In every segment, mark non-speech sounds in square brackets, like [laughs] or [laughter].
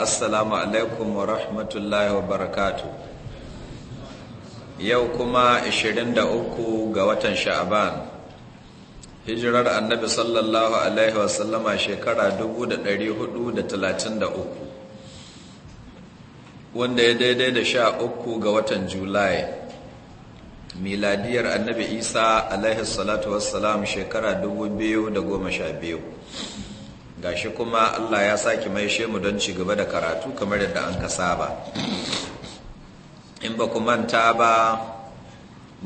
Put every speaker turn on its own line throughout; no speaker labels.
Assalamu alaikum wa rahmatullahi wa barakatu. Yau kuma 23 ga watan Sha'aban. Hijirar Annabi sallallahu alaihi wa sallama shekara 1433. Wanda ya daidai da sha uku ga watan Julai. Miladiyar Annabi Isa alaihi salatu wassalam shekara 2012. gashi kuma Allah ya sake maishe mu don ci gaba da karatu kamar yadda an ka saba in ba ku manta ba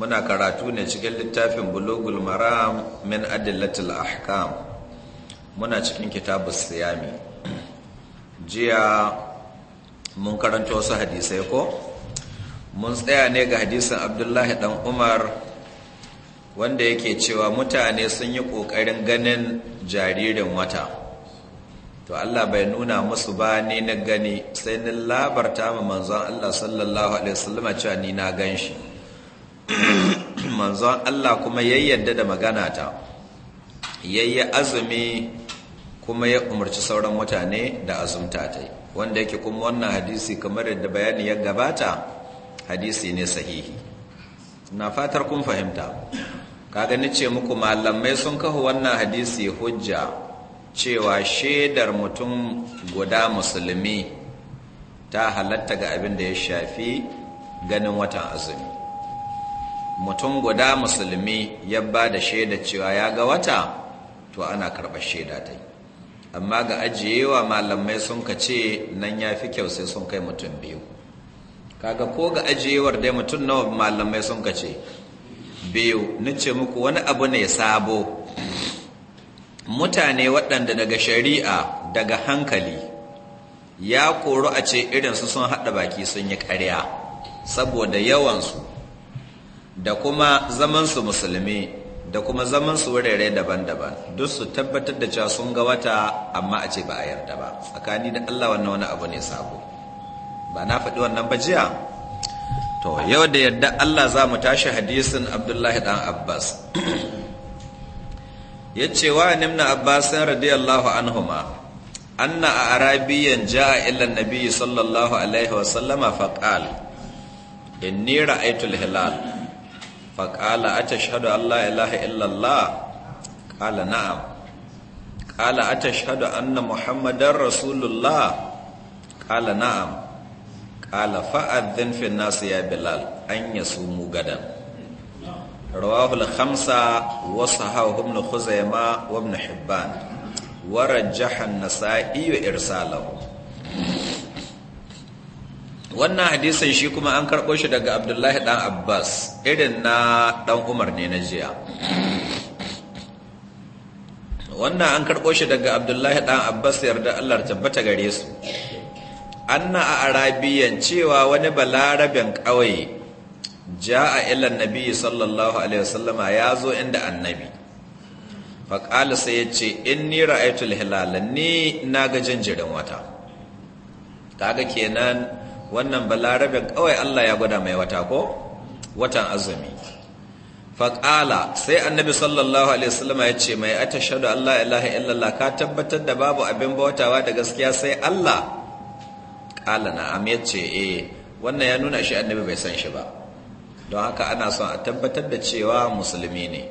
muna karatu ne cikin littafin bulugul maram min adillatul ahkam muna cikin kitabus siyami jiya mun karanta wasu hadisai ko mun tsaya ne ga hadisin abdullahi dan umar wanda yake cewa mutane sun yi ƙoƙarin ganin jaririn wata to Allah bai nuna musu ba ne na gani sai ni labarta ma manzon Allah sallallahu alaihi wasallama cewa ni na gan [clears throat] manzon Allah kuma yadda da magana ta yayya azumi kuma ya umarci sauran mutane da azumta ta wanda yake kuma wannan hadisi kamar yadda bayani ya gabata hadisi ne sahihi na fatar kun fahimta kaga ni ce muku malamai sun kafa wannan hadisi hujja cewa shaidar mutum guda musulmi ta halatta ga abin da ya shafi ganin watan azumi mutum guda musulmi ya ba da shaidar cewa ya ga wata to ana karɓar shaida ta amma ga ajiyewa malamai sun ka ce nan ya fi kyau sai sun kai mutum biyu kaga ko ga ajiyewar dai mutum nawa malamai sun ka ce biyu nace muku wani abu ne sabo mutane waɗanda daga shari'a daga hankali ya koru a ce irinsu sun haɗa baki sun yi ƙarya saboda yawansu da kuma zamansu musulmi da kuma zamansu wurare daban-daban duk su tabbatar da cewa sun ga wata amma a ce ba a yarda ba tsakani da Allah wannan wani abu ne sabo ba na faɗi wannan ba jiya to yau da yadda Allah za mu tashi hadisin Abdullahi dan Abbas [clears throat] Ya ce, wa nimna abbasan radiyallahu anhuma anna a arabiyan ja'a ila nabiyyi sallallahu alaihi wa sallama faqal inni ra'aytul hilal faqala atashhadu an la ilaha illa allah qala na'am qala atashhadu anna muhammadar rasulullah qala na'am qala fa'adhin fi an-nas ya bilal an yasumu gadan رواه الخمسة وصححه ابن خزيمة وابن حبان ورجح النسائي إرساله wannan hadisin shi kuma an karɓo shi daga abdullahi ɗan abbas irin na ɗan umar ne na jiya wannan an karɓo shi daga abdullahi ɗan abbas yarda allah tabbata gare su anna a arabiyan cewa wani balarabin ƙauye Ja a ila nabi sallallahu alaihi wasallama ya zo inda annabi faƙala sai ya ce in ni ra'aitul hilala ni na ga jinjirin wata kaga kenan wannan balarabe kawai Allah ya gwada mai wata ko watan azumi faƙala sai annabi sallallahu alaihi wasallama ya ce mai shaɗu Allah ilaha illallah ka tabbatar da babu abin bautawa da gaskiya sai Allah ƙala na ya ce eh wannan ya nuna shi annabi bai san shi ba don haka ana son a tabbatar da cewa musulmi ne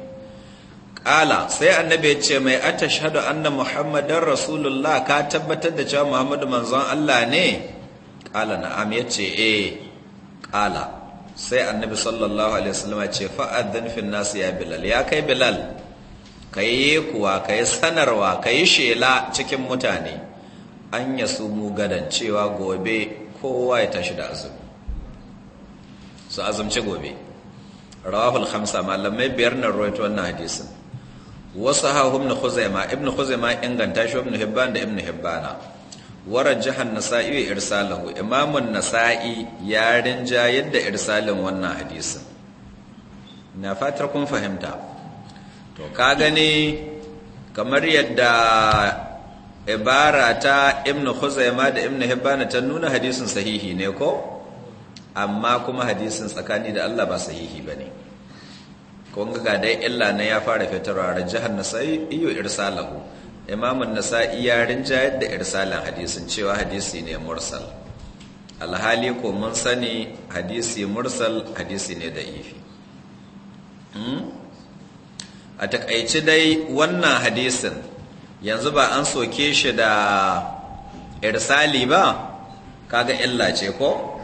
ƙala sai annabi ya ce mai atashhadu anna muhammadan rasulullah ka tabbatar da cewa muhammadu manzon Allah ne ƙala na'am ya ce eh ƙala sai annabi sallallahu alaihi wasallam ya ce fa'adhan fin nas ya bilal ya kai bilal kai kuwa kai sanarwa kai shela cikin mutane an yasu mu gadan cewa gobe kowa ya tashi da azumi su azumci gobe rawahul khamsa malamai biyar na rawaito wannan hadisin wasu hahum na khuzaima ibn khuzaima inganta shi ibn hibban da ibn hibbana waran jihar nasa'i wa irsalahu imamun nasa'i ya rinja yadda irsalin wannan hadisin na fatar kun fahimta to ka gani kamar yadda ibara ta ibn khuzaima da ibn hibbana ta nuna hadisin sahihi ne ko amma kuma hadisin tsakani da Allah ba sahihi ne kun ga dai illa na ya fara fitarwa jihar nasai iyo irsalahu imamun nasa'i ya rinja da irsalan hadisin cewa hadisi ne mursal alhali ko mun sani hadisi mursal hadisi ne da ifi hmm? a takaici dai wannan hadisin yanzu ba an soke shi da irsali ba kaga illa ce ko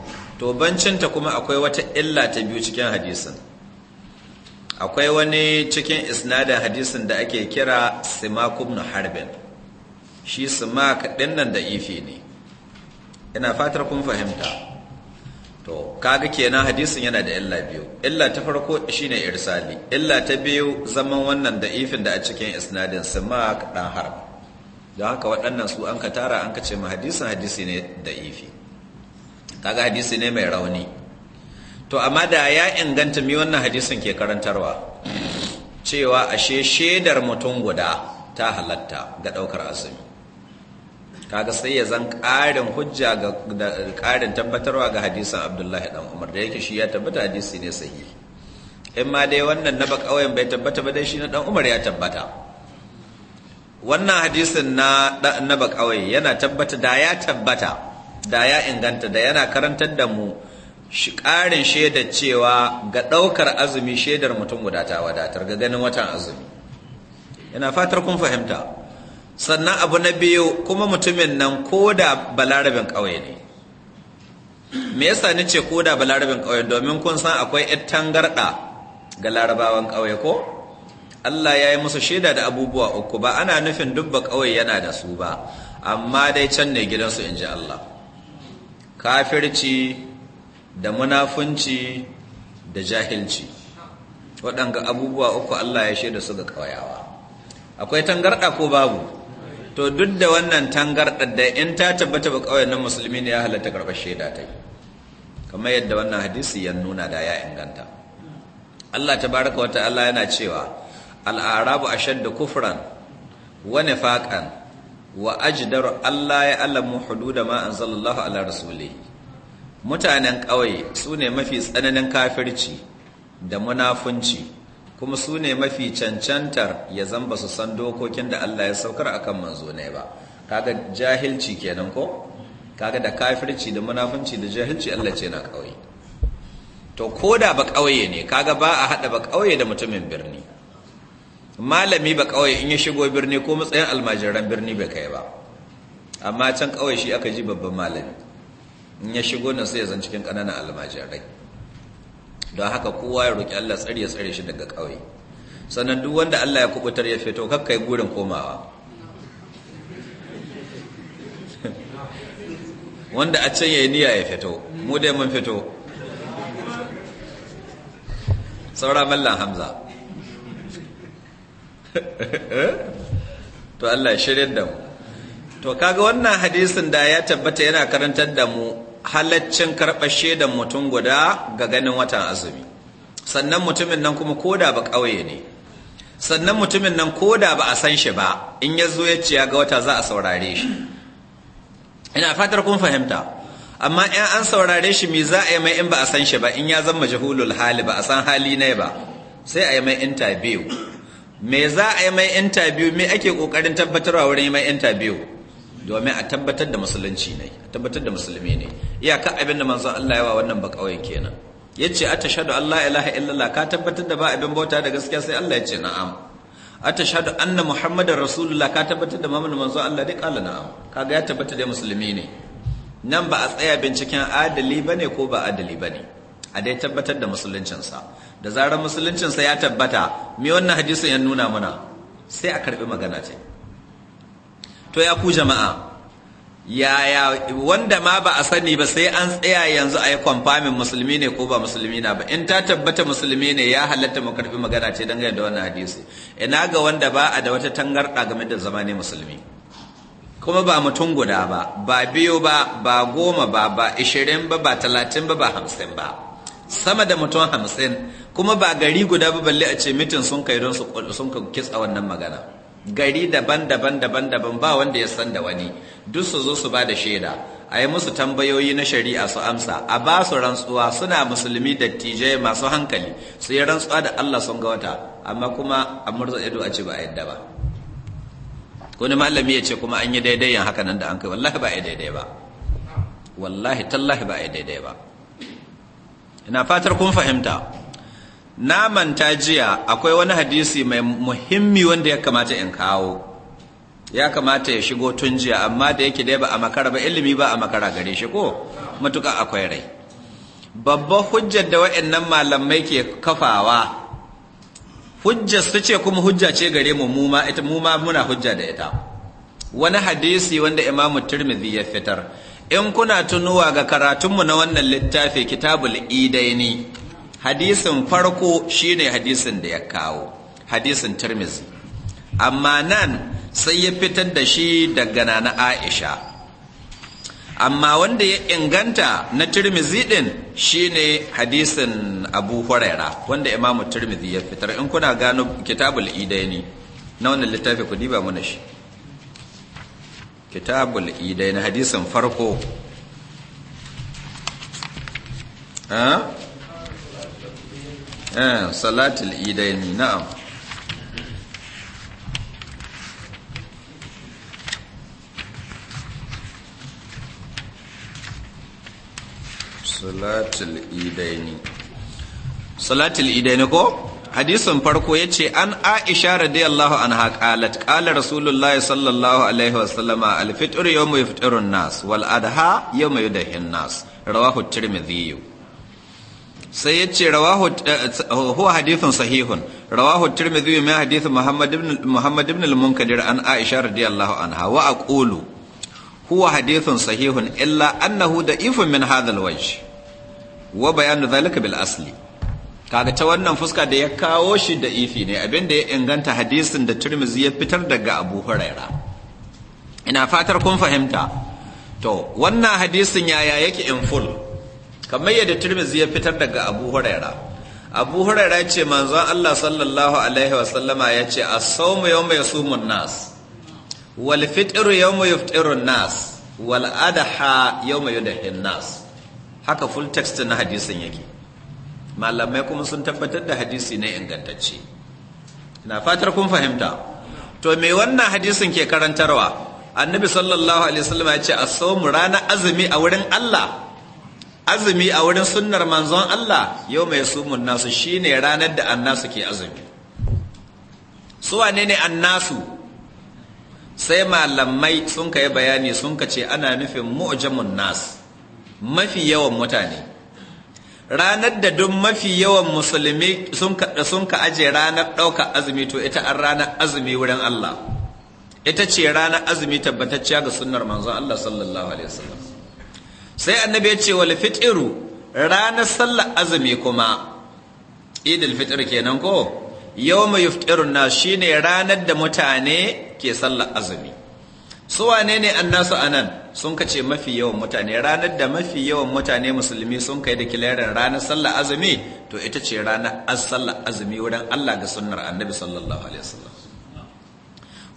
to bancinta kuma akwai wata illa ta biyu cikin hadisin akwai wani cikin isnadin hadisin da ake kira simak ibn harbin shi simak din nan da ifi ne ina fatar kun fahimta to kaga kenan hadisin yana da illa biyu illa ta farko shine irsali illa ta biyu zaman wannan da ifin da a cikin isnadin simak dan harb don haka waɗannan su an ka tara an ka ce ma hadisin hadisi ne da ifi kaga hadisi ne mai rauni to amma da ya inganta mi wannan hadisin ke karantarwa cewa ashe shedar mutum guda ta halatta ga daukar azumi kaga sai ya zan ƙarin hujja ga ƙarin tabbatarwa ga hadisin abdullahi dan umar da yake shi ya tabbata hadisi ne sahihi in ma dai wannan na bakawayen bai tabbata ba dai shi na dan umar ya tabbata wannan hadisin na na bakawai yana tabbata da ya tabbata da ya inganta da yana karantar da mu ƙarin shaidar cewa ga ɗaukar azumi shaidar mutum guda ta wadatar ga ganin watan azumi yana fatar kun fahimta sannan abu na biyu kuma mutumin nan ko da balarabin ƙauye ne me yasa ni ce ko da balarabin ƙauye domin kun san akwai yar tangarɗa ga larabawan ƙauye ko Allah ya yi musu shaida da abubuwa uku ba ana nufin dubba ƙauye yana da su ba amma dai can ne gidansu in ji Allah kafirci da munafunci da jahilci waɗanga abubuwa uku Allah ya shaida su ga ƙauyawa akwai tangarɗa ko babu to duk da wannan tangarɗa da in ta tabbata ba ƙauyen nan musulmi ne ya halatta karɓar shaida ta yi kamar yadda wannan hadisi ya nuna da ya inganta Allah tabaraka wa ta'ala yana cewa al'arabu ashaddu kufran wa nifaqan wa ajdar Allah ya alamu hududa ma anzalallahu ala rasulihi mutanen ƙauye su ne mafi tsananin kafirci da munafunci kuma su ne mafi cancantar ya zamba su san dokokin da Allah ya saukar akan manzo ne ba kaga jahilci kenan ko kaga da kafirci da munafunci da jahilci Allah ce na ƙauye to koda ba ƙauye ne kaga ba a hada ba ƙauye da mutumin birni malami ba kawai in ya shigo birni ko matsayin almajiran birni bai kai ba amma can kawai shi aka ji babban malami in ya shigo nan sai ya zan cikin kananan almajirai don haka kowa ya roƙi Allah tsare ya tsare shi daga kawai sannan duk wanda Allah ya kubutar ya fito kakkai gurin komawa [laughs] wanda a can yayi niyya ya fito mu dai mun fito saura mallan hamza [laughs] to Allah shirin da mu to kaga wannan hadisin da ya tabbata yana karantar da mu halaccin karɓar da mutum guda ga ganin watan azumi sannan mutumin nan kuma koda ba ƙauye ne sannan mutumin nan koda ba a san shi ba in ya zo ya ce ga wata za a saurare shi ina fatar kun fahimta amma in an saurare shi me za a yi mai in ba a san shi ba in ya zama jahulul hali ba a san hali ne ba sai a yi mai interview me za a yi mai intabiyu? me ake kokarin tabbatarwa wurin mai intabiyu? domin a tabbatar da musulunci ne a tabbatar da musulmi ne iyaka abin da manzon Allah ya wa wannan kawai kenan yace atashhadu an la ilaha illallah ka tabbatar da ba abin bauta da gaskiya sai Allah ya ce na'am atashhadu anna muhammadar rasulullah ka tabbatar da muhammadin manzon Allah dai kala na'am kaga ya tabbatar da musulmi ne nan ba a tsaya binciken adali bane ko ba adali bane a dai tabbatar da sa da zarar musuluncinsa ya tabbata me wannan hadisin ya nuna mana sai a karbi magana ce to ya ku jama'a yaya wanda ma ba a sani ba sai an tsaya yanzu a yi kwamfamin musulmi ne ko ba musulmi na ba in ta tabbata musulmi ne ya halatta mu karbi magana ce dangane da wannan hadisi ina ga wanda ba a da wata tangarɗa game da zama ne musulmi kuma ba mutum guda ba ba biyu ba ba goma ba ba ishirin ba ba talatin ba ba hamsin ba sama da mutum hamsin kuma ba gari guda ba balle a ce mitin sun kai don sun ka kitsa wannan magana gari daban-daban daban-daban ba wanda ya san da wani duk su zo su ba da shaida a yi musu tambayoyi na shari'a su amsa a ba su rantsuwa suna musulmi da tijai masu hankali su yi rantsuwa da Allah sun ga wata amma kuma a murza ido a ce ba a yadda ba wani malami ya ce kuma an yi daidai yan haka nan da an kai wallahi ba a yi daidai ba wallahi tallahi ba a yi daidai ba ina fatar kun fahimta na manta jiya akwai wani hadisi mai muhimmi wanda ya kamata in kawo ya kamata ya shigo tun jiya amma da yake dai ba a makara ba ilimi ba a makara gare shi ko matuka akwai rai babban hujjar da wa'annan malamai ke kafawa hujjar su ce kuma hujja ce gare mu mu ma ita mu muna hujja da ita wani hadisi wanda imamu turmizi ya fitar in kuna tunuwa ga karatunmu na wannan littafi kitabul idaini hadisin farko shine hadisin da ya kawo hadisin tirmizi amma nan sai ya fitar da shi daga na aisha amma wanda ya inganta na tirmizi din shine hadisin abu huraira wanda imamu tirmizi ya fitar in kuna gano kitabul idai ne? na wannan littafi ku diba mana shi kitabul idai na hadisin farko Eh, salatul idaini na'am salatul idaini salatul idaini ko hadisin farko yace an aisha radiyallahu anha qalat qala rasulullahi sallallahu alaihi wasallama al-fitr yawma yafṭirun nas wal adha yawm yudahin nas rawahu tirmidhi sai ya ce eh, eh, huwa hadithun sahihun rawahu tirmidhi min hadith muhammad ibn muhammad ibn al-munkadir an aisha radiyallahu anha wa aqulu huwa hadithun sahihun illa annahu da'ifun min hadha al-wajh wa bayanu dhalika bil asli kaga ta wannan fuska da ya kawo shi da ifi ne abinda ya inganta hadisin da turmizi ya fitar daga abu huraira ina fatar kun fahimta to wannan hadisin yaya yake in full kamar yadda tirmizi ya fitar daga abu huraira abu huraira ya ce manzon allah sallallahu alaihi wasallama ya ce saumu yau mai sumun nas wal yau mai yuftirun nas wal yau da yudahin nas haka full text na hadisin yake malamai kuma sun tabbatar da hadisi na ingantacce na fatar kun fahimta to me wannan hadisin ke karantarwa annabi sallallahu alaihi wasallam ya ce a saumu rana azumi a wurin Allah azumi a wurin sunnar manzon Allah yau mai sumun nasu shine ranar da annasu ke azumi su wane ne annasu sai malamai sun yi bayani sun ka ce ana nufin mu'jamun nas mafi yawan mutane ranar da duk mafi yawan musulmi sun ka aje ranar ɗaukar azumi to ita an ranar azumi wurin Allah ita ce ranar azumi tabbatacciya ga sunnar manzon Allah sallallahu alaihi wasallam sai annabi ya ce wal fitru ranar sallar azumi kuma idil fitr kenan ko yawma yuftirun na shine ranar da mutane ke sallar azumi su wane ne annasu anan sun kace mafi yawan mutane ranar da mafi yawan mutane musulmi sun kai da kilarin ranar sallar azumi to ita ce ranar sallar azumi wurin Allah ga sunnar annabi sallallahu alaihi wasallam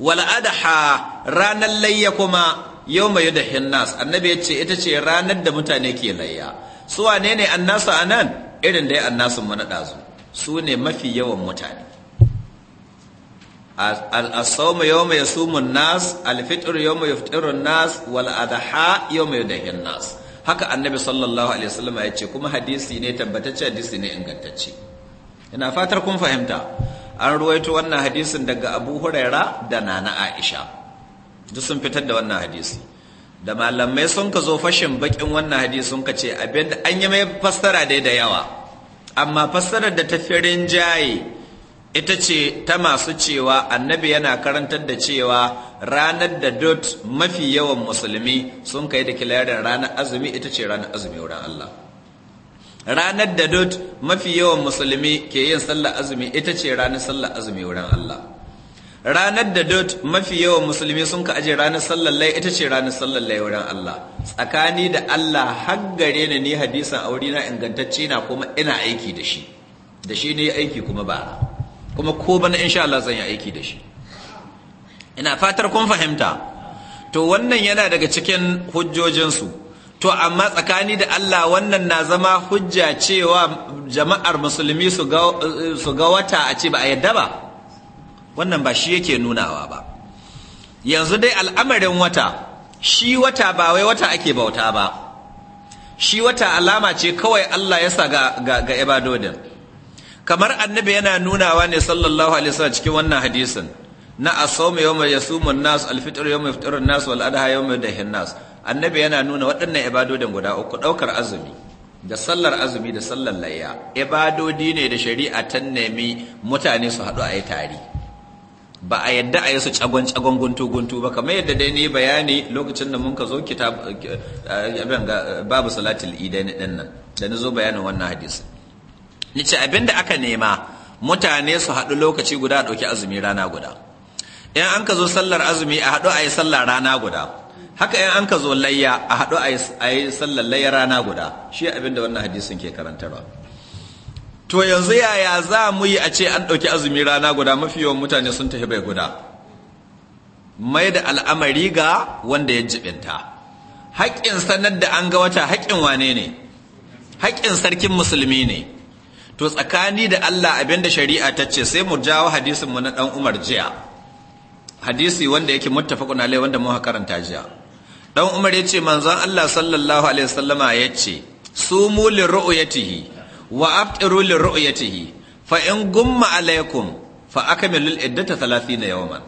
wal adha ranar layya kuma yau mai da hinnas annabi ya ce ita ce ranar da mutane ke layya su wane ne annasu a nan irin da ya annasu ɗazu su ne mafi yawan mutane al'asawma yau mai sumun nas alfitir yau mai fitirun nas adaha yau mai da hinnas haka annabi sallallahu alaihi wasallam ya ce kuma hadisi ne tabbatacce hadisi ne ingantacce ina fatar kun fahimta an ruwaito wannan hadisin daga abu huraira da nana aisha duk sun fitar da wannan hadisi da malamai sun ka zo fashin bakin wannan hadisi sun ka ce abin da an yi mai fassara dai da yawa amma fassarar da ta fi rinjaye ita ce ta masu cewa annabi yana karantar da cewa ranar da dot mafi yawan musulmi sun ka yi da kilarin ranar azumi ita ce ranar azumi wurin Allah ranar da dot mafi yawan musulmi ke yin sallar azumi ita ce ranar sallar azumi wurin Allah ranar da dot mafi yawan musulmi sun ka aje ranar sallallai ita ce ranar sallallai wurin Allah tsakani da Allah haggare ne ni hadisan aure na ingantacce na kuma ina aiki da shi da shi ne aiki kuma ba kuma ko bana insha Allah zan yi aiki da shi ina fatar kun fahimta to wannan yana daga cikin hujjojinsu to amma tsakani da Allah wannan na zama hujja cewa jama'ar musulmi su ga wata a ce ba a yadda ba wannan ba shi yake nunawa ba yanzu dai al'amarin wata shi wata ba wai wata ake bauta ba shi wata alama ce kawai Allah ya sa ga, ga, ga ibadodin kamar annabi yana nunawa ne sallallahu alaihi wasallam cikin wannan hadisin na asawmi yawma yasumun nas alfitr yawma yaftirun nas wal adha yawma yadhin nas annabi yana nuna waɗannan ibadodin guda uku ɗaukar azumi da sallar azumi da sallar layya ibadodi ne da shari'a ta nemi mutane su haɗu a yi tari ba a yadda a yi su cagon-cagon guntu-guntu ba kamar yadda dai ne bayani lokacin da mun ka zo eh, babu salatul idai din nan da ni zo bayanin wannan hadisi ni abinda aka nema mutane su haɗu lokaci guda a ɗauki azumi rana guda in an ka zo sallar azumi a haɗu a yi sallar rana guda haka in an ka zo layya a haɗu a yi sallar layya rana guda shi abinda wannan hadisin ke karantarwa to yanzu yaya za mu yi a ce an ɗauki azumi rana guda mafi yawan mutane sun tafi bai guda mai da al'amari ga wanda ya jibinta haƙƙin sanar da an ga wata haƙƙin wane ne haƙƙin sarkin musulmi ne to tsakani da Allah abinda shari'a ta ce sai mu jawo hadisin mu na dan Umar jiya hadisi wanda yake muttafaqun alai wanda mu karanta jiya Ɗan Umar yace manzon Allah sallallahu alaihi wasallama yace sumu li ru'yatihi wa abtiru li ru'yatihi fa in gumma alaikum fa akmilu al-iddata 30 yawman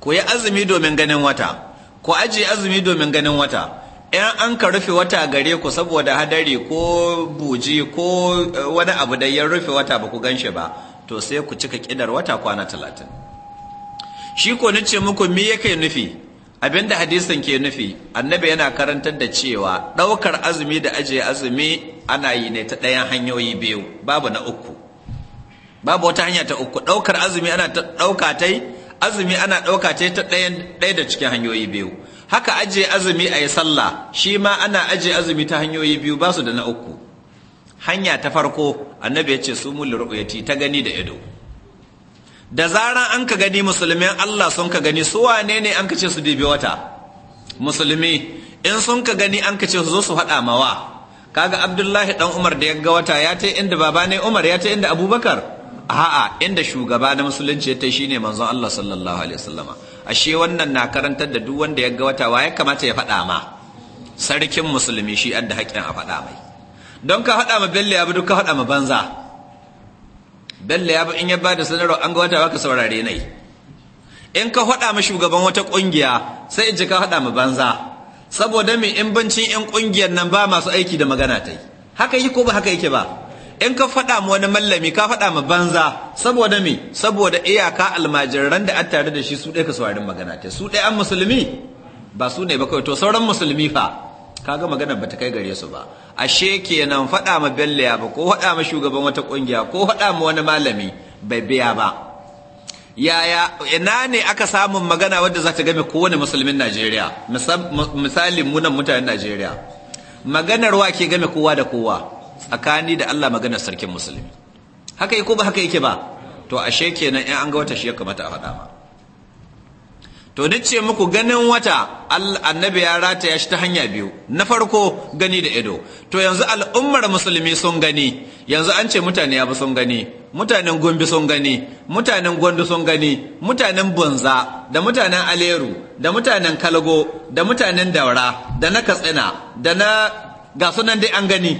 ku yi azumi domin ganin wata ku aje azumi domin ganin wata ‘yan an ka rufe wata gare ku saboda hadari ko buji ko eh, wani abu da ya rufe wata ba ku gan shi ba to sai ku cika kidar wata kwana talatin shi ko nace muku me yake nufi Abin da hadisin ke nufi annabi yana karantar da cewa ɗaukar azumi da ajiye azumi ana yi ne ta ɗayan hanyoyi biyu babu na uku babu wata hanya ta uku ɗaukar azumi ana ɗauka ta azumi ana ɗauka ta ta ɗayan ɗaya da cikin hanyoyi biyu haka ajiye azumi a yi sallah shi ma ana ajiye azumi ta hanyoyi biyu basu da na uku hanya ta farko annabi ya ce su mulli ta gani da ido da zaran an ka gani musulmin Allah sun ka gani su wane ne an ka ce su dibi wata musulmi in sun ka gani an ka ce su zo su haɗa mawa kaga Abdullahi dan Umar da ya ga wata ya ta inda baba ne Umar ya ta inda Abubakar a'a inda shugaba na musulunci ya ta shine manzon Allah sallallahu alaihi wasallama ashe wannan na karantar da duk wanda ya ga wata wa ya kamata ya faɗa ma sarkin musulmi shi adda haƙƙin a faɗa mai don ka faɗa ma belle abu ka faɗa ma banza bello ya in ya bada sanarwa an ga wata baka saurare nai in ka hada mu shugaban wata ƙungiya sai in ji ka faɗa mu banza saboda me in bancin in ƙungiyar nan ba masu aiki da magana ta yi haka yi ko ba haka yake ba in ka faɗa mu wani mallami ka fada mu banza saboda me saboda iyaka almajiran da an tare da shi su ɗaya ka saurare magana ta su dai an musulmi ba su ne ba kai to sauran musulmi fa kaga magana bata kai gare su ba ashe kenan faɗa ma bellaya ba ko faɗa ma shugaban wata ƙungiya ko faɗa ma wani malami bai biya ba yaya ina ne aka samun magana wadda za ta game kowane musulmin Najeriya misalin munan mutanen Najeriya maganar wa ke game kowa da kowa tsakani da Allah maganar sarkin musulmi haka yi ko ba haka yake ba to ashe kenan in an ga wata shi ya kamata a faɗa ma to ni ce muku ganin wata annabi ya rataya shi ta hanya biyu na farko gani da ido to yanzu al'ummar musulmi sun gani yanzu an ce mutane yabi sun gani mutanen gombe sun gani mutanen gwandu sun gani mutanen bunza da mutanen aleru da mutanen kalgo da mutanen daura da na katsina da na ga sunan dai an gani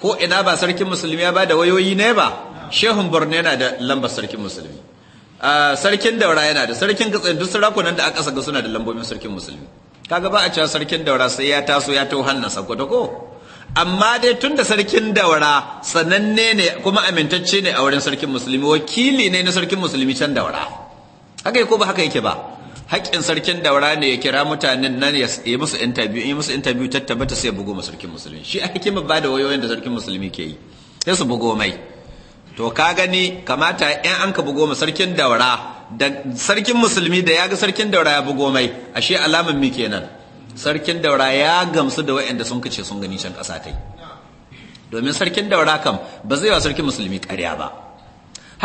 ko ina ba sarkin musulmi ya ba da wayoyi ne ba shehun borno yana da lambar sarkin musulmi sarkin daura yana da sarkin katsayin duk sarakunan da aka saka suna da lambobin sarkin musulmi kaga ba a cewa sarkin daura sai ya taso ya tau hannun sa ko amma dai tun da sarkin daura sananne ne kuma amintacce ne a wurin sarkin musulmi wakili ne na sarkin musulmi can daura haka ko ba haka yake ba haƙƙin sarkin daura ne ya kira mutanen nan ya yi musu interview in yi musu interview tattabata sai ya bugo musulmi shi a hikimar ba da wayoyin da sarkin musulmi ke yi sai su bugo mai to ka gani kamata in an ka bugo sarkin daura da sarkin musulmi da ya ga sarkin daura ya bugo mai ashe alaman mi kenan sarkin daura ya gamsu da waɗanda sun kace sun gani can ƙasa ta domin sarkin daura kam ba zai wa sarkin musulmi ƙarya ba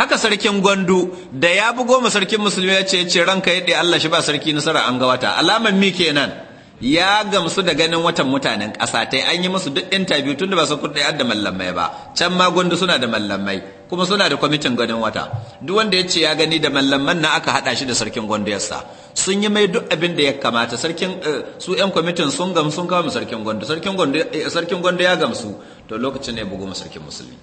haka sarkin gwandu da ya bugo ma sarkin musulmi ya ce ce ranka yadda Allah shi ba sarki nasara an ga wata alaman mi kenan ya gamsu da ganin watan mutanen ƙasa ta an yi musu duk interview tun da ba su kuɗi da mallamai ba can ma gundu suna da mallamai kuma suna da kwamitin ganin wata duk wanda ya ce ya gani da mallamai na aka haɗa shi da sarkin gwandu yasa sun yi mai duk abin da ya kamata sarkin eh, su yan kwamitin sun gamsu sun kawo sarkin gwandu eh, sarkin gwandu ya gamsu to lokacin ne bugu sarkin musulmi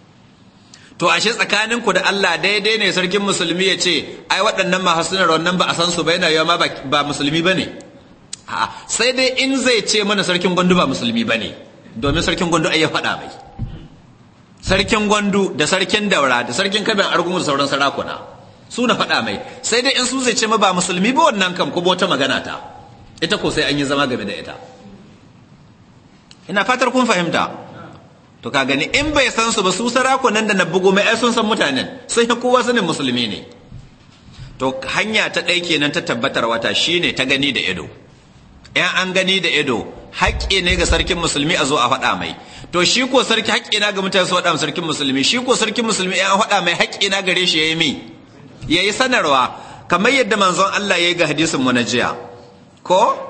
to ashe tsakaninku da Allah daidai ne sarkin musulmi ya ce ai waɗannan mahasunar wannan ba a san su ba yana yawa ma ba musulmi ba ne sai dai in zai ce mana sarkin gwandu ba musulmi ba ne domin sarkin gwandu ai ya faɗa mai sarkin gwandu da sarkin daura da sarkin kabin argungu da sauran sarakuna su na faɗa mai sai dai in su zai ce ma ba musulmi ba wannan kam kuma wata magana ta ita ko sai an yi zama game da ita ina fatar kun fahimta to ka gani in bai san su ba su sarakunan da na bugu mai sun san mutanen sun yi kowa sanin musulmi ne to hanya ta ɗaya kenan ta tabbatar wata shine ta gani da ido yan an gani da ido haƙƙi ne ga sarkin musulmi a zo a faɗa mai to shi ko sarki haƙƙi na ga mutane su faɗa sarkin musulmi shi ko sarkin musulmi yan faɗa mai haƙƙi na gare shi yayi mi yi sanarwa kamar yadda manzon Allah ya yi ga hadisin mu na jiya ko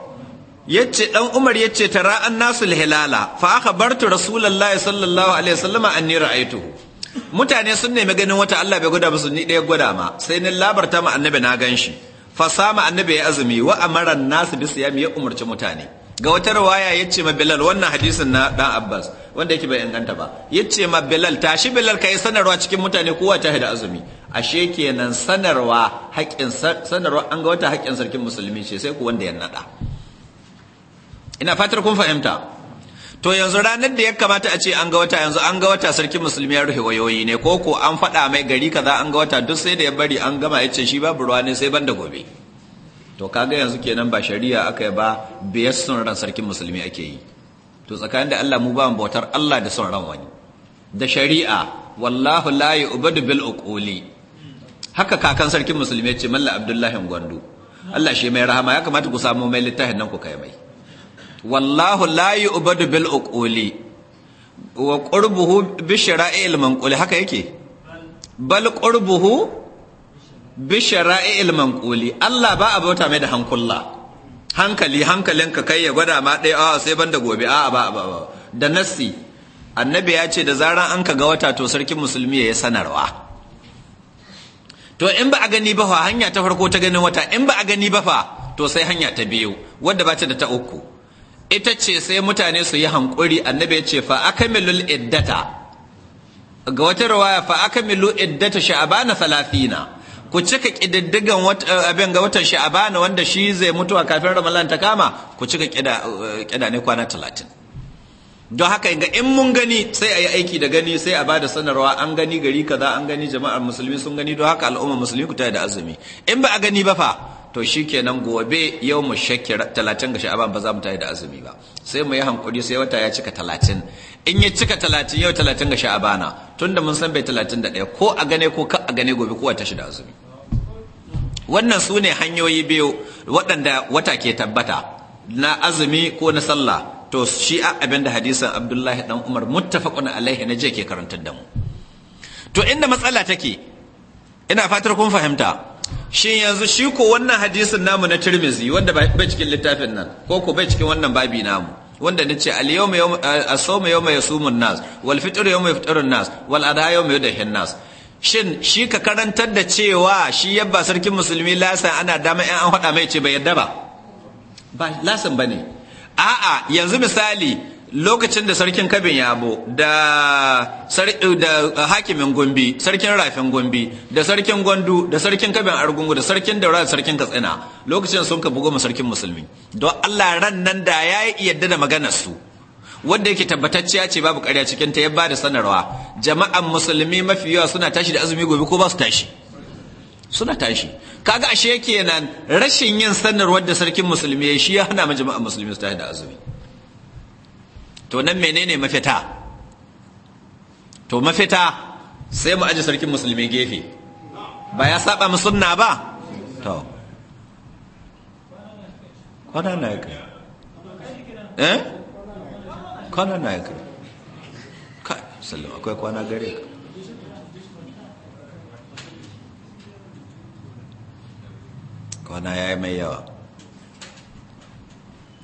ce ɗan Umar yace tara nasu hilala fa akhbartu rasulullahi sallallahu alaihi wasallam anni ra'aituhu mutane sun nemi ganin wata Allah bai gwada musu ni ɗaya gwada ma sai ni labarta ma annabi na gan shi fa sama annabi ya azumi wa amaran nasu bi siyami ya umarci mutane ga wata riwaya yace ma Bilal wannan hadisin na dan Abbas wanda yake bai inganta ba yace ma Bilal tashi Bilal kai sanarwa cikin mutane kowa ta da azumi ashe kenan sanarwa haƙin sanarwa an ga wata haƙin sarkin musulmi ce sai ku wanda ya nada ina fatar kun fahimta to yanzu ranar da ya kamata a ce an ga wata yanzu an ga wata sarkin musulmi ya rufe wayoyi ne ko ko an faɗa mai gari kaza an ga wata duk sai da ya bari an gama ya ce shi babu ruwa ne sai banda gobe to kaga yanzu kenan ba shari'a aka yi ba biyar son ran sarkin musulmi ake yi to tsakanin da Allah mu ba mu bautar Allah da son ran wani da shari'a wallahu la yu'badu bil uquli haka kakan sarkin musulmi ya ce malla abdullahi gwandu Allah shi mai rahama ya kamata ku samu mai littafin nan ku kai mai wallahu la yu'badu bil uquli wa qurbuhu bi shara'il manquli haka yake bal qurbuhu bi shara'il manquli Allah ba a bauta mai da hankulla hankali hankalinka kai ya gwada ma ɗaya a sai banda gobe a ba ba da nassi annabi ya ce da zaran an ga wata to sarkin musulmi ya sanarwa to in ba a gani ba fa hanya ta farko ta ganin wata in ba a gani ba fa to sai hanya ta biyu wadda ba ta da ta uku ita ce sai mutane su yi hankuri annabi ya ce fa akamilul iddata ga wata rawaya fa akamilu iddata sha'abana salafina ku cika kididdigan eh, abin ga watan sha'abana wanda shi zai mutu a kafin ramadan ta kama ku cika kida eh, ne kwana talatin don haka ga in mun gani sai a yi aiki da gani sai a bada sanarwa an gani gari kaza an gani jama'ar musulmi sun gani don haka al'ummar musulmi ku ta da azumi in ba a gani ba fa to shi shikenan gobe yau mu shakki talatin ga sha'aban ba za mu tayi da azumi ba sai mu yi hankuri sai wata ya cika talatin in ya cika talatin yau talatin ga sha'abana tunda mun san bai talatin da ɗaya ko a gane ko ka a gane gobe ko wata shi da azumi wannan su ne hanyoyi biyu waɗanda wata ke tabbata na azumi ko na sallah to shi a abin da hadisan abdullahi dan umar muttafaqun alaihi na jiya ke karantar da mu to inda matsala take ina fatar kun fahimta shin yanzu shi ko wannan hadisin namu na Tirmidhi wanda bai cikin littafin nan ko ko bai cikin wannan babi namu wanda nace al yawma as-sawma yawma yasumun nas wal fitr yawma yafturun nas wal adha yawma yudhihun nas shin shi ka karantar da cewa shi yabba sarkin musulmi lasan ana dama in an hada mai ce bai yadda ba ba lasan bane a'a yanzu misali lokacin da sarkin kabin yabo da hakimin gombe sarkin rafin gombe da sarkin gwandu da sarkin kabin argungu da sarkin daura da sarkin katsina lokacin sun ka goma sarkin musulmi don allah ran nan da ya yi yadda da maganar su wanda yake tabbatacciya ce babu karya cikin ta ya ba da sanarwa jama'an musulmi mafi yawa suna tashi da azumi gobe ko ba su tashi suna tashi kaga ashe kenan rashin yin sanarwar da sarkin musulmi ya shi ya hana ma jama'an musulmi su tashi da azumi to nan menene mafita to mafita sai mu aji sarkin musulmi gefe ba ya saba mu sunna ba to kwana na yake eh kwana na yake kai sallama akwai kwana gare ka kwana ya yi mai yawa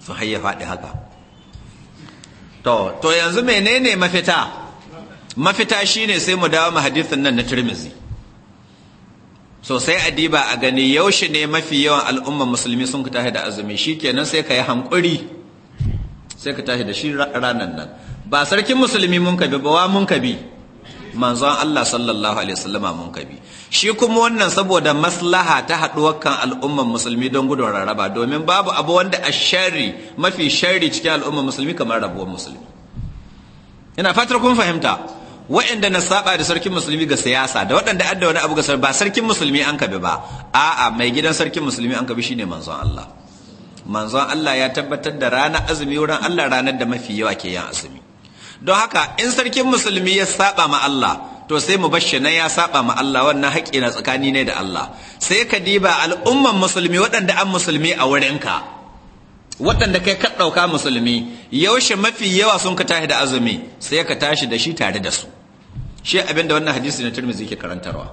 su hayya faɗi haka to yanzu menene mafita mafita shine sai mu dawo mu hadisin nan na Tirmidhi so sai a diba a gani yaushe ne mafi yawan al'umman musulmi sun kuta da azumi shikenan sai ka yi hankuri sai ka tashi da shi ranan nan ba sarkin musulmi mun kabi ba wa mun kabi manzon Allah sallallahu alaihi wasallama mun kabi shi kuma wannan saboda maslaha ta haduwar kan al'umman musulmi don gudun rarraba domin babu abu wanda a shari mafi shari cikin al'umman musulmi kamar rabuwar musulmi ina fatar kun fahimta waɗanda na saba da sarkin musulmi ga siyasa da waɗanda adda wani abu ga ba sarkin musulmi an kabi ba a'a mai gidan sarkin musulmi an kabi shine manzon Allah manzon Allah ya tabbatar da ranar azumi wurin Allah ranar da mafi yawa ke yin azumi don haka in sarkin musulmi ya saba ma Allah to sai mu bashi na ya saba ma Allah wannan haƙƙi na tsakani ne da Allah sai ka diba al'umman musulmi waɗanda an musulmi a wurinka waɗanda kai ka ɗauka musulmi yaushe mafi yawa sun ka tashi da azumi sai ka tashi da shi tare da su shi abin da wannan hadisi na turmi zai ke karantarwa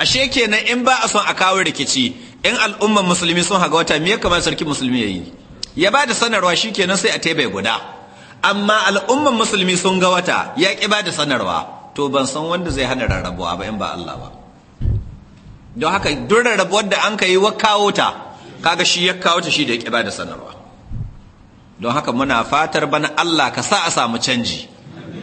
ashe kenan in ba a son a kawo rikici in al'umman musulmi sun haga wata me ya kamata sarkin musulmi ya yi ya ba da sanarwa shi kenan sai a tebe guda amma al'umman musulmi sun ga wata ya ƙi ba da sanarwa to ban san wanda zai hana rarrabuwa ba in ba Allah ba don haka duk rarrabuwar da an ka yi wa kawo ta kaga shi ya kawo ta shi da ya ƙi ba da sanarwa don haka muna fatar bana Allah ka sa a samu canji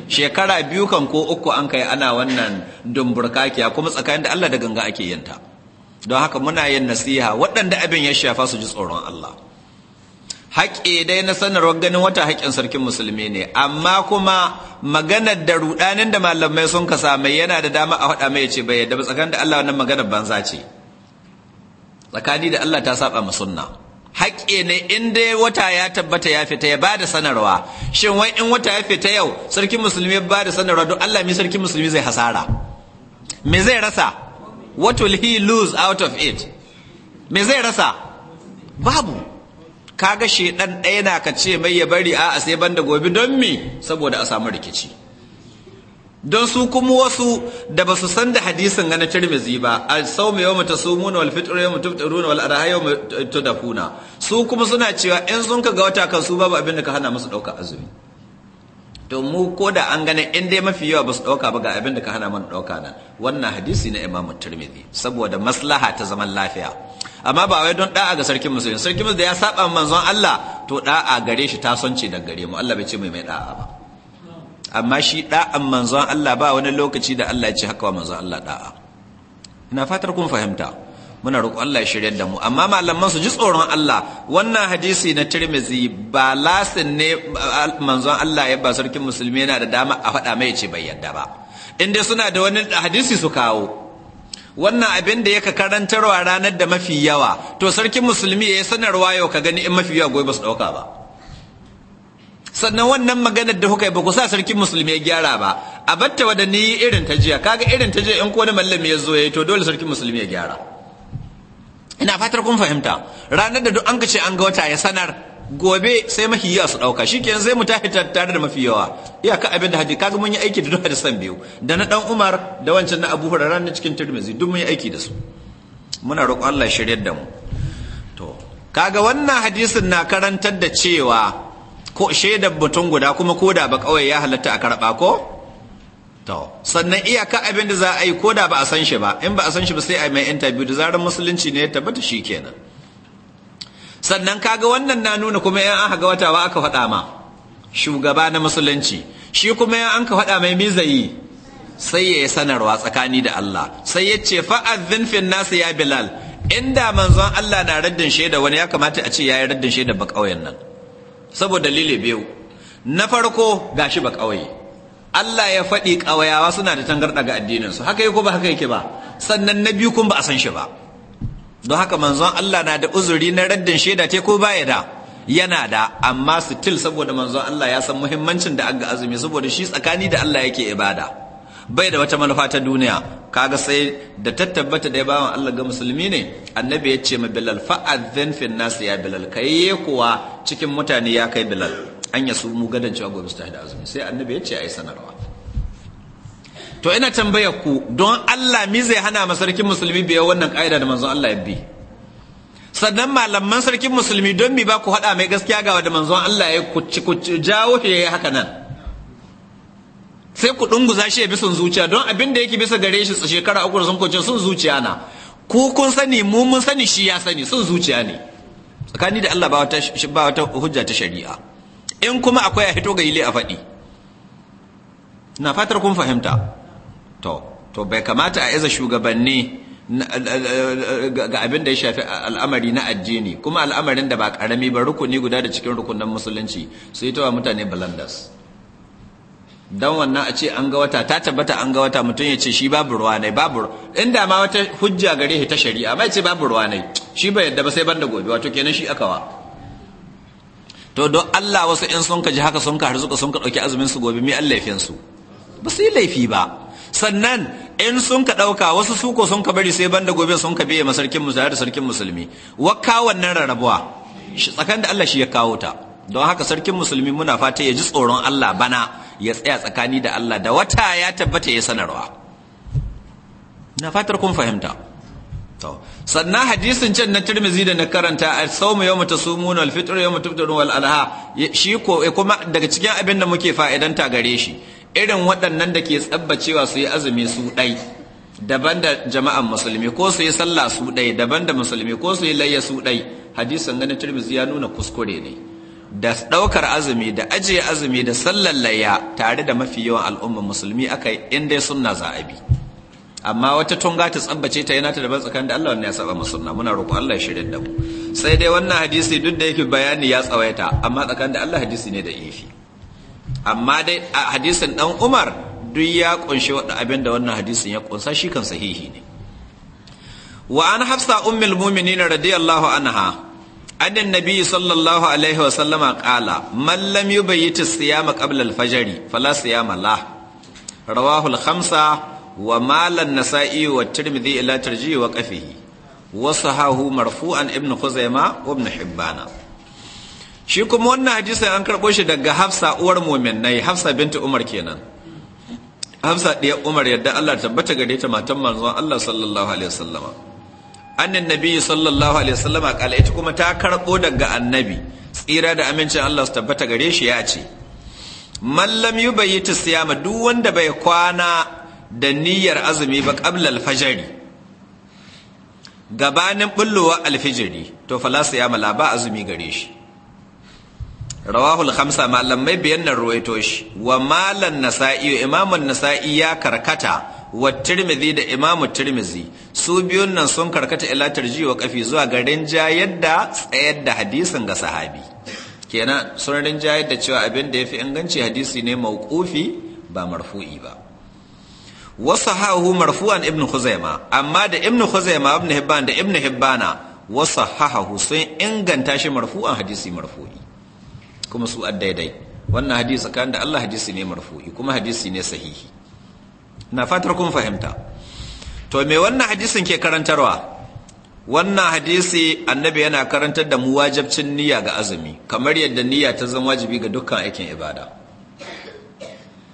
shekara biyu kan ko uku an kai ana wannan dumburkakiya kuma tsakanin da Allah da ganga ake yinta don haka muna yin nasiha waɗanda abin ya shafa su ji tsoron Allah haƙƙe dai na sanarwar ganin wata haƙƙin sarkin musulmi ne amma kuma maganar da rudanin da malamai sun ka same yana da dama a haɗa mai ce bai yadda ba tsakanin da Allah wannan maganar banza ce tsakani da Allah ta saba ma sunna haƙƙe ne in dai wata ya tabbata ya fita ya ba sanarwa shin wai in wata ya fita yau sarkin musulmi ya ba da sanarwa don Allah mai sarkin musulmi zai hasara me zai rasa what will he lose out of it me zai rasa babu kaga shedan ɗaya na ka ce mai ya bari a sai banda gobe don me saboda a samu rikici don su kuma wasu da ba su san da hadisin gana tirmizi ba a sau mai yawon muna wal fitr yawon tuftaruna wal adha yawon kuna su kuma suna cewa in sun ka ga wata kan su babu abin da ka hana musu ɗauka azumi to mu ko da an gane in dai mafi yawa ba su ɗauka ba ga abin da ka hana mana dauka nan wannan hadisi na Imam tirmizi saboda maslaha ta zaman lafiya amma ba wai don da'a ga sarkin musulmi sarkin musulmi da ya saba manzon Allah to da'a gare shi ta sonce da gare mu Allah bai ce mai mai da'a ba amma shi da'an manzon Allah ba wani lokaci da Allah ya ce haka wa manzon Allah da'a ina fatar kun fahimta muna roƙo Allah ya shirya da mu amma malaman su ji tsoron Allah wannan hadisi na Tirmidhi ba lasin ne manzon Allah ya ba sarkin musulmi yana da dama a faɗa mai ce bai yadda ba in dai suna da wani hadisi su kawo wannan abin da yaka karantarwa ranar da mafi yawa to sarkin musulmi ya sanarwa yau ka gani in mafi yawa goyi ba su ɗauka ba sannan wannan maganar da hukai ba ku sa sarkin musulmi ya gyara ba a batta wada ni irin ta jiya kaga irin ta jiya in ko wani mallami ya zo ya yi to dole sarkin musulmi ya gyara ina fatar kun fahimta ranar da duk an kace an ga wata ya sanar gobe sai mafi yawa su dauka shikenan sai mu tashi tare da mafi yawa iyaka abin da hadisi kaga mun yi aiki da duk san biyu da na dan Umar da wancan na Abu da na cikin turmizi duk mun yi aiki da su muna roƙon Allah ya shiryar da mu to kaga wannan hadisin na karantar da cewa ko shaidar mutum guda kuma ko da ba kawai ya halatta a karɓa ko To, sannan iyaka abin da za a yi ko da ba a san shi ba, in ba a san shi ba sai a mai interview da zarar musulunci ne ya tabbata shi kenan. sannan kaga wannan na nuna kuma yan aka wata ba aka faɗa ma shugaba na musulunci shi kuma yan an ka faɗa mai mizayi sai ya yi sanarwa tsakani da Allah sai ya ce fa'adhin fin nasu ya bilal inda manzon Allah na raddin shaida wani ya kamata a ce yayi raddin shaida ba kauyen nan saboda dalili biyu na farko gashi ba kauye Allah ya faɗi ƙawayawa suna da tangarɗa ga su haka yake ba haka yake ba sannan na biyu kun ba a san shi ba don haka manzon Allah na da uzuri na raddin shaida ce ko baya da yana da amma still saboda manzon Allah ya san muhimmancin da aga azumi saboda shi tsakani da Allah yake ibada bai da wata manufa ta duniya kaga sai da ta tabbata da bawan Allah ga musulmi ne annabi ya ce ma bilal fa'adhin fin nas ya bilal kai kuwa cikin mutane ya kai bilal an ya su mu gadan cewa gobe su da azumi sai annabi ya ce ai sanarwa to ina tambayar ku don Allah mi zai hana ma sarkin musulmi biya wannan ka'ida da manzon Allah ya bi sannan malaman sarkin musulmi don mi ba ku haɗa mai gaskiya ga da manzon Allah ya kuci kuci jawo shi ya haka nan sai ku dunguza shi ya bi sun zuciya don abin da yake bisa gare shi shekara uku sun kuce sun zuciya na ku kun sani mu mun sani shi ya sani sun zuciya ne tsakani da Allah ba wata ba wata hujja ta shari'a in kuma akwai a hito ga ile a faɗi na fatar kun fahimta to to bai kamata a iza shugabanni eh, eh, eh, ga abin da ya shafi al'amari na addini kuma al'amarin da ba karami ba rukuni guda da cikin rukunan musulunci su yi tawa mutane balandas don wannan a ce an ga wata ta tabbata an ga wata mutum ya ce shi babu ruwa ne babu inda ma wata hujja gare ta shari'a mai ce babu ruwa ne shi bai yadda ba sai banda gobe wato kenan shi akawa to don Allah wasu in sun ka ji haka sun ka harzuka sun ka dauki azumin su gobe mai Allah su ba su yi laifi ba sannan in sun ka ɗauka wasu suko sun ka bari sai ban da gobe sun ka biye sarkin musulmi da sarkin musulmi wakka wannan rarrabuwa tsakan da Allah shi ya kawo ta don haka sarkin musulmi muna fata ya ji tsoron Allah bana ya tsaya tsakani da Allah da wata ya tabbata ya sanarwa na fatar kun fahimta sannan hadisin can na tirmizi da na karanta a saumu yau mutu su na alfitar yau mutu wal alha shi eh, kuma daga cikin abin da muke fa'idanta gare shi irin waɗannan da ke tsabbacewa su yi azumi su ɗai daban da jama'an musulmi ko su yi sallah su ɗai daban da musulmi ko su yi layya su ɗai hadisan ganin turmizi ya nuna kuskure ne da ɗaukar azumi da ajiye azumi da sallar layya tare da mafi yawan al'ummar musulmi aka yi in dai sunna za bi amma wata tunga ta tsabbace ta yana ta daban tsakanin da Allah wani ya saba musulna muna roƙo Allah ya da mu sai dai wannan hadisi duk da yake bayani ya tsawaita amma tsakanin da Allah hadisi ne da ifi amma dai a hadisin ɗan umar duk ya ƙunshi wadda abin da wannan hadisin ya kunsa shi kan sahihi ne wa an hafsa ummul mu'minin radiyallahu anha annan nabi sallallahu alaihi wa sallama qala man lam yubayyit as-siyama qabla al-fajr fala siyama la rawahu al-khamsa wa malan nasa'i wa tirmidhi ila tarjihi wa qafihi wa sahahu marfu'an ibnu khuzaimah wa ibn hibbana shi kuma wannan hadisin an karɓo shi daga hafsa uwar na yi. hafsa binta umar kenan hafsa ɗaya umar yadda allah tabbata gare ta matan manzon allah sallallahu alaihi wasallama annin nabi sallallahu alaihi wasallama kala ita kuma ta karɓo daga annabi tsira da amincin allah su tabbata gare shi ya ce mallam yu yi ta siyama duk wanda bai kwana da niyyar azumi ba qabla alfajari gabanin bullowa alfijiri to fala siyama la ba azumi gare shi rawahul khamsa malamai biyan nan ruwaito shi wa malan nasa'i imamun nasa'i ya karkata wa tirmidhi da imamu tirmidhi su biyun nan sun karkata ila tarji wa kafi zuwa garin ja yadda tsayar da hadisin ga sahabi kenan sun ja yadda cewa abin da yafi inganci hadisi ne mauqufi ba marfu'i ba wasu hahu marfu'an ibn khuzaima amma da ibn khuzaima ibn hibban da ibn hibbana wasu hahu sun inganta shi marfu'an hadisi marfu'i kuma su a daidai wannan hadisi tsakanin da Allah hadisi ne marfuhi kuma hadisi ne sahihi na fatar kun fahimta to me wannan hadisin ke karantarwa wannan hadisi annabi yana karantar da mu wajibcin niyya ga azumi kamar yadda niyya ta zama wajibi ga dukkan aikin ibada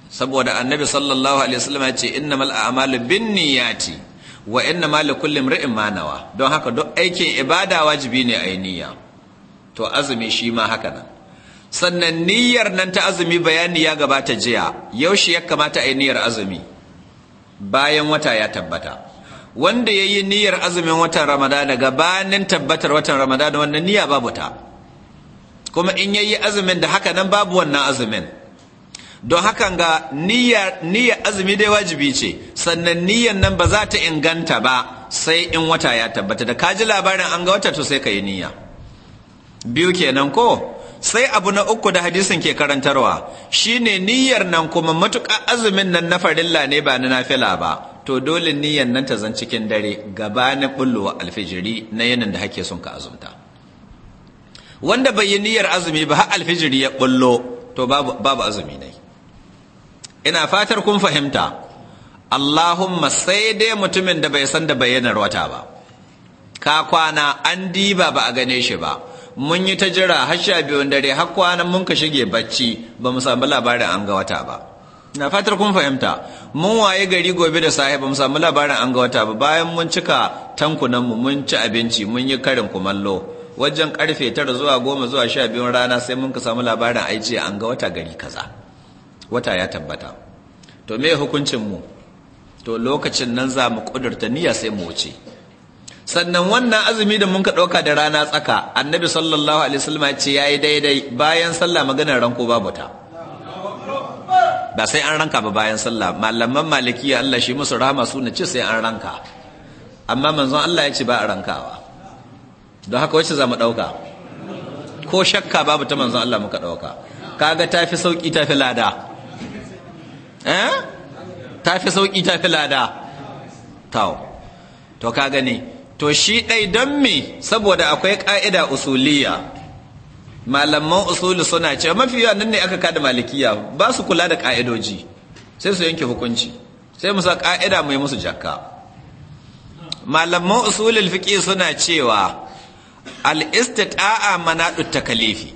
saboda annabi sallallahu alaihi wasallam ya ce innamal a'malu binniyati wa innamal likulli imrin ma nawa don haka duk aikin ibada wajibi ne a niyya to azumi shi ma haka nan sannan niyyar nan ta azumi bayani ya gabata jiya yaushe ya kamata a yi niyyar azumi bayan wata ya tabbata wanda ya yi niyyar azumin watan ramadana gabanin tabbatar watan ramadana wannan niyya babu ta kuma in ya yi azumin da haka nan babu wannan azumin don hakan ga niyyar azumi dai wajibi ce sannan niyyar nan ba za ta inganta ba sai in wata ya tabbata da ka ji labarin an ga wata to sai ka yi niyya biyu kenan ko sai abu na uku da hadisin ke karantarwa shine niyyar nan kuma matuƙa azumin nan na farilla ne ba na nafila ba to dole niyyar nan ta zan cikin dare gabanin bullowa alfijiri na yanin da hake sun ka azumta wanda bai yi niyyar azumi ba har alfijiri ya bullo to babu babu azumi ne ina fatar kun fahimta Allahumma sai dai mutumin da bai san da bayyanar wata ba ka kwana an diba ba a gane shi ba mun yi ta jira har sha biyun dare har kwanan mun ka shige bacci ba mu samu labarin an ga wata ba na fatar kun fahimta mun waye gari gobe da sahi ba mu samu labarin an ga wata ba bayan mun cika tankunanmu mun ci abinci mun yi karin kumallo wajen karfe tara zuwa goma zuwa sha biyun rana sai mun ka samu labarin aici an ga wata gari kaza wata ya tabbata to me hukuncin mu to lokacin nan za mu kudurta niyya sai mu wuce sannan wannan azumi da muka ɗauka da rana tsaka annabi sallallahu alaihi wasallam ya ce yayi daidai bayan sallah maganar ranko babu ta ba sai an ranka ba bayan sallah malaman maliki Allah shi musu rahama su ne ce sai an ranka amma manzon Allah ya ce ba a rankawa don haka wacce za mu ɗauka ko shakka babu ta manzon Allah muka ɗauka kaga tafi sauki tafi lada eh tafi sauki tafi lada Tau. to ka gani to shi ɗai don me saboda akwai ƙa'ida usuliya malaman usuli suna ce mafi yawa nan ne aka kada malikiya ba su kula da ƙa'idoji sai su yanke hukunci sai musa ƙa'ida mai musu jaka malaman usuli fiƙi suna cewa al-istita'a ɗutta takalifi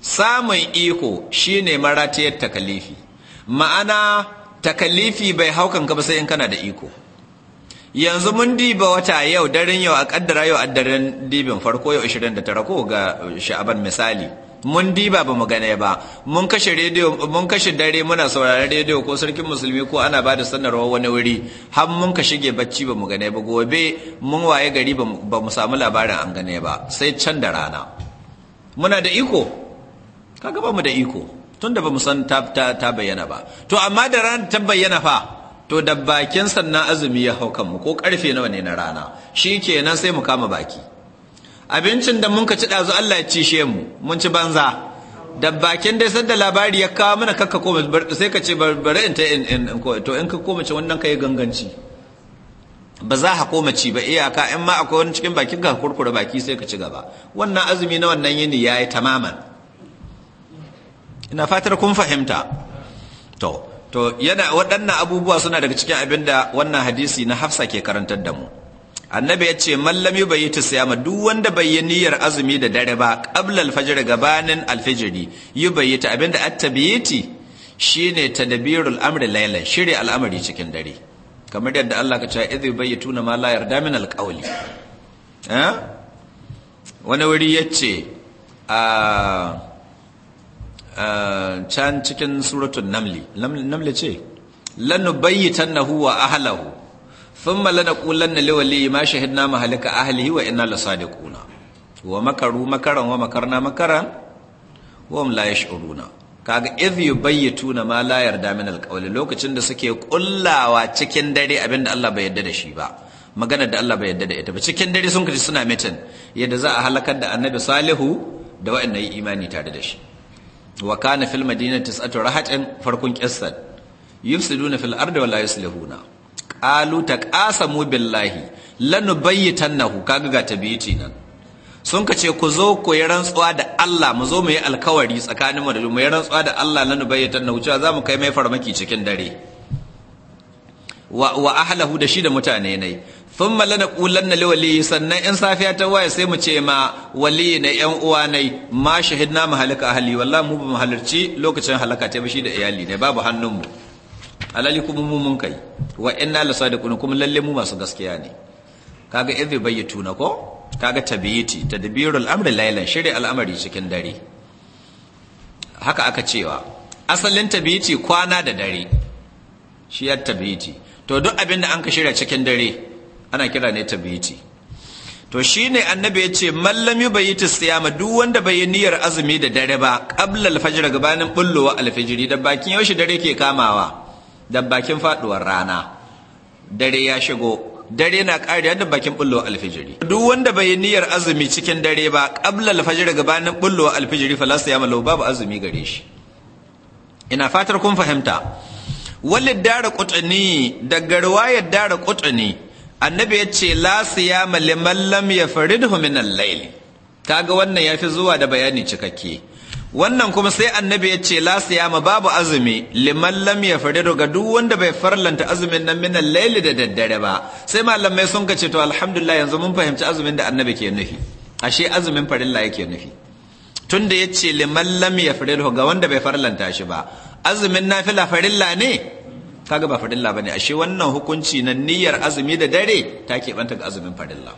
samun iko shine maratiyar takalifi ma'ana takalifi bai haukan ka ba sai in kana da iko yanzu mun diba wata yau daren yau a kaddara yau a daren dibin farko yau 29 ko ga sha'aban misali mun diba ba mu gane ba mun kashe rediyo mun kashe dare muna sauraron rediyo ko sarkin musulmi ko ana ba da sanarwa wani wuri har mun ka shige bacci ba mu gane ba gobe mun waye gari ba mu samu labarin an gane ba sai can da rana muna da iko kaga ba mu da iko tunda ba mu san ta bayyana ba to amma da rana ta bayyana fa to da bakin sannan azumi ya hau kanmu ko karfe nawa ne na rana shi kenan sai mu kama baki abincin da mun ka ci ɗazu Allah ya cishe mu mun ci banza da bakin dai sanda labari ya kawo mana kakka ko sai ka ce bari in ta in to in ka koma ci wannan ka yi ganganci ba za ka koma ci ba iyaka in ma akwai wani cikin bakin ka kurkure baki sai ka ci gaba wannan azumi na wannan yini ya yi tamaman ina fatar kun fahimta to to yana waɗannan abubuwa suna daga cikin abin da wannan hadisi na hafsa ke karantar da mu annabi ya ce mallam bai yi siyama duk wanda bai yi niyyar azumi da dare ba ƙabla alfajir gabanin alfijiri yi bai yi ta abinda at ne shine tadbirul amri laylan shirya al'amari cikin dare kamar yadda Allah ka ce idh tuna ma la yarda min alqawli eh? wani wuri ya ce a ah, can cikin suratun namli namli ce lanubayyitannahu wa malana kulan na lewali ma na mahalika ahlihi wa inna lasadiquna wa makaru makaran wa makarna makaran wa la yash'uruna kaga idh yubayyituna ma la yarda min alqawli lokacin da suke kullawa cikin dare abinda Allah bai yarda da shi ba magana da Allah bai yarda da ita ba cikin dare sun kaji suna mitin yadda za a halakar da annabi salihu da wa'annan imani tare da shi wa kana fil madinati tis'atu rahatin farkun qissat yufsiduna fil ardi wa la yuslihuna qalu taqasamu billahi lanubayyitannahu kaga ga tabiti nan sun ka ku zo ku yi rantsuwa da Allah mu zo mu yi alkawari tsakaninmu da mu yi rantsuwa da Allah lanubayyitannahu cewa za mu kai mai farmaki cikin dare wa ahlahu da shi da mutane ne sun malana kulan na liwali sannan in safiya ta waya sai mu ce ma wali na yan uwa ne ma shahidna mu halaka ahli wallahi mu ba mahalarci lokacin halaka ta bashi da iyali ne babu hannun mu alali kuma mu mun kai wa inna la sadiqun kuma lalle mu masu gaskiya ne kaga idhi bayyituna ko kaga tabiyiti tadbirul amri laylan shiri al'amari cikin dare haka aka cewa asalin tabiyiti kwana da dare shi ya tabiyiti to duk abin da an ka shirya cikin dare ana kira ne tabiti to shine annabi ya ce mallam yubayiti ma duk wanda bai yi niyyar azumi da dare ba ƙabla alfajr gabanin bullowa alfajiri da bakin yaushe dare ke kamawa da bakin faduwar rana dare ya shigo dare na kariya da bakin bullowa alfajiri duk wanda bai yi niyyar azumi cikin dare ba ƙabla alfajr gabanin bullowa alfajiri fala ma lau babu azumi gare shi ina fatar kun fahimta walid dara qutni daga riwayar dara qutni annabi ya ce la siyama liman lam yafridhu min al-layl kaga wannan yafi zuwa da bayani cikakke wannan kuma sai annabi ya ce la siyama babu azumi liman lam yafridhu ga duk wanda bai farlanta azumin nan min al-layl da daddare ba sai malamai sun kace to alhamdulillah yanzu mun fahimci azumin da annabi ke nufi ashe azumin farilla yake nufi tunda ya ce liman lam yafridhu ga wanda bai farlanta shi ba azumin nafila farilla ne kaga ba farilla bane ashe wannan hukunci na niyyar azumi da dare ta keɓanta ga azumin farilla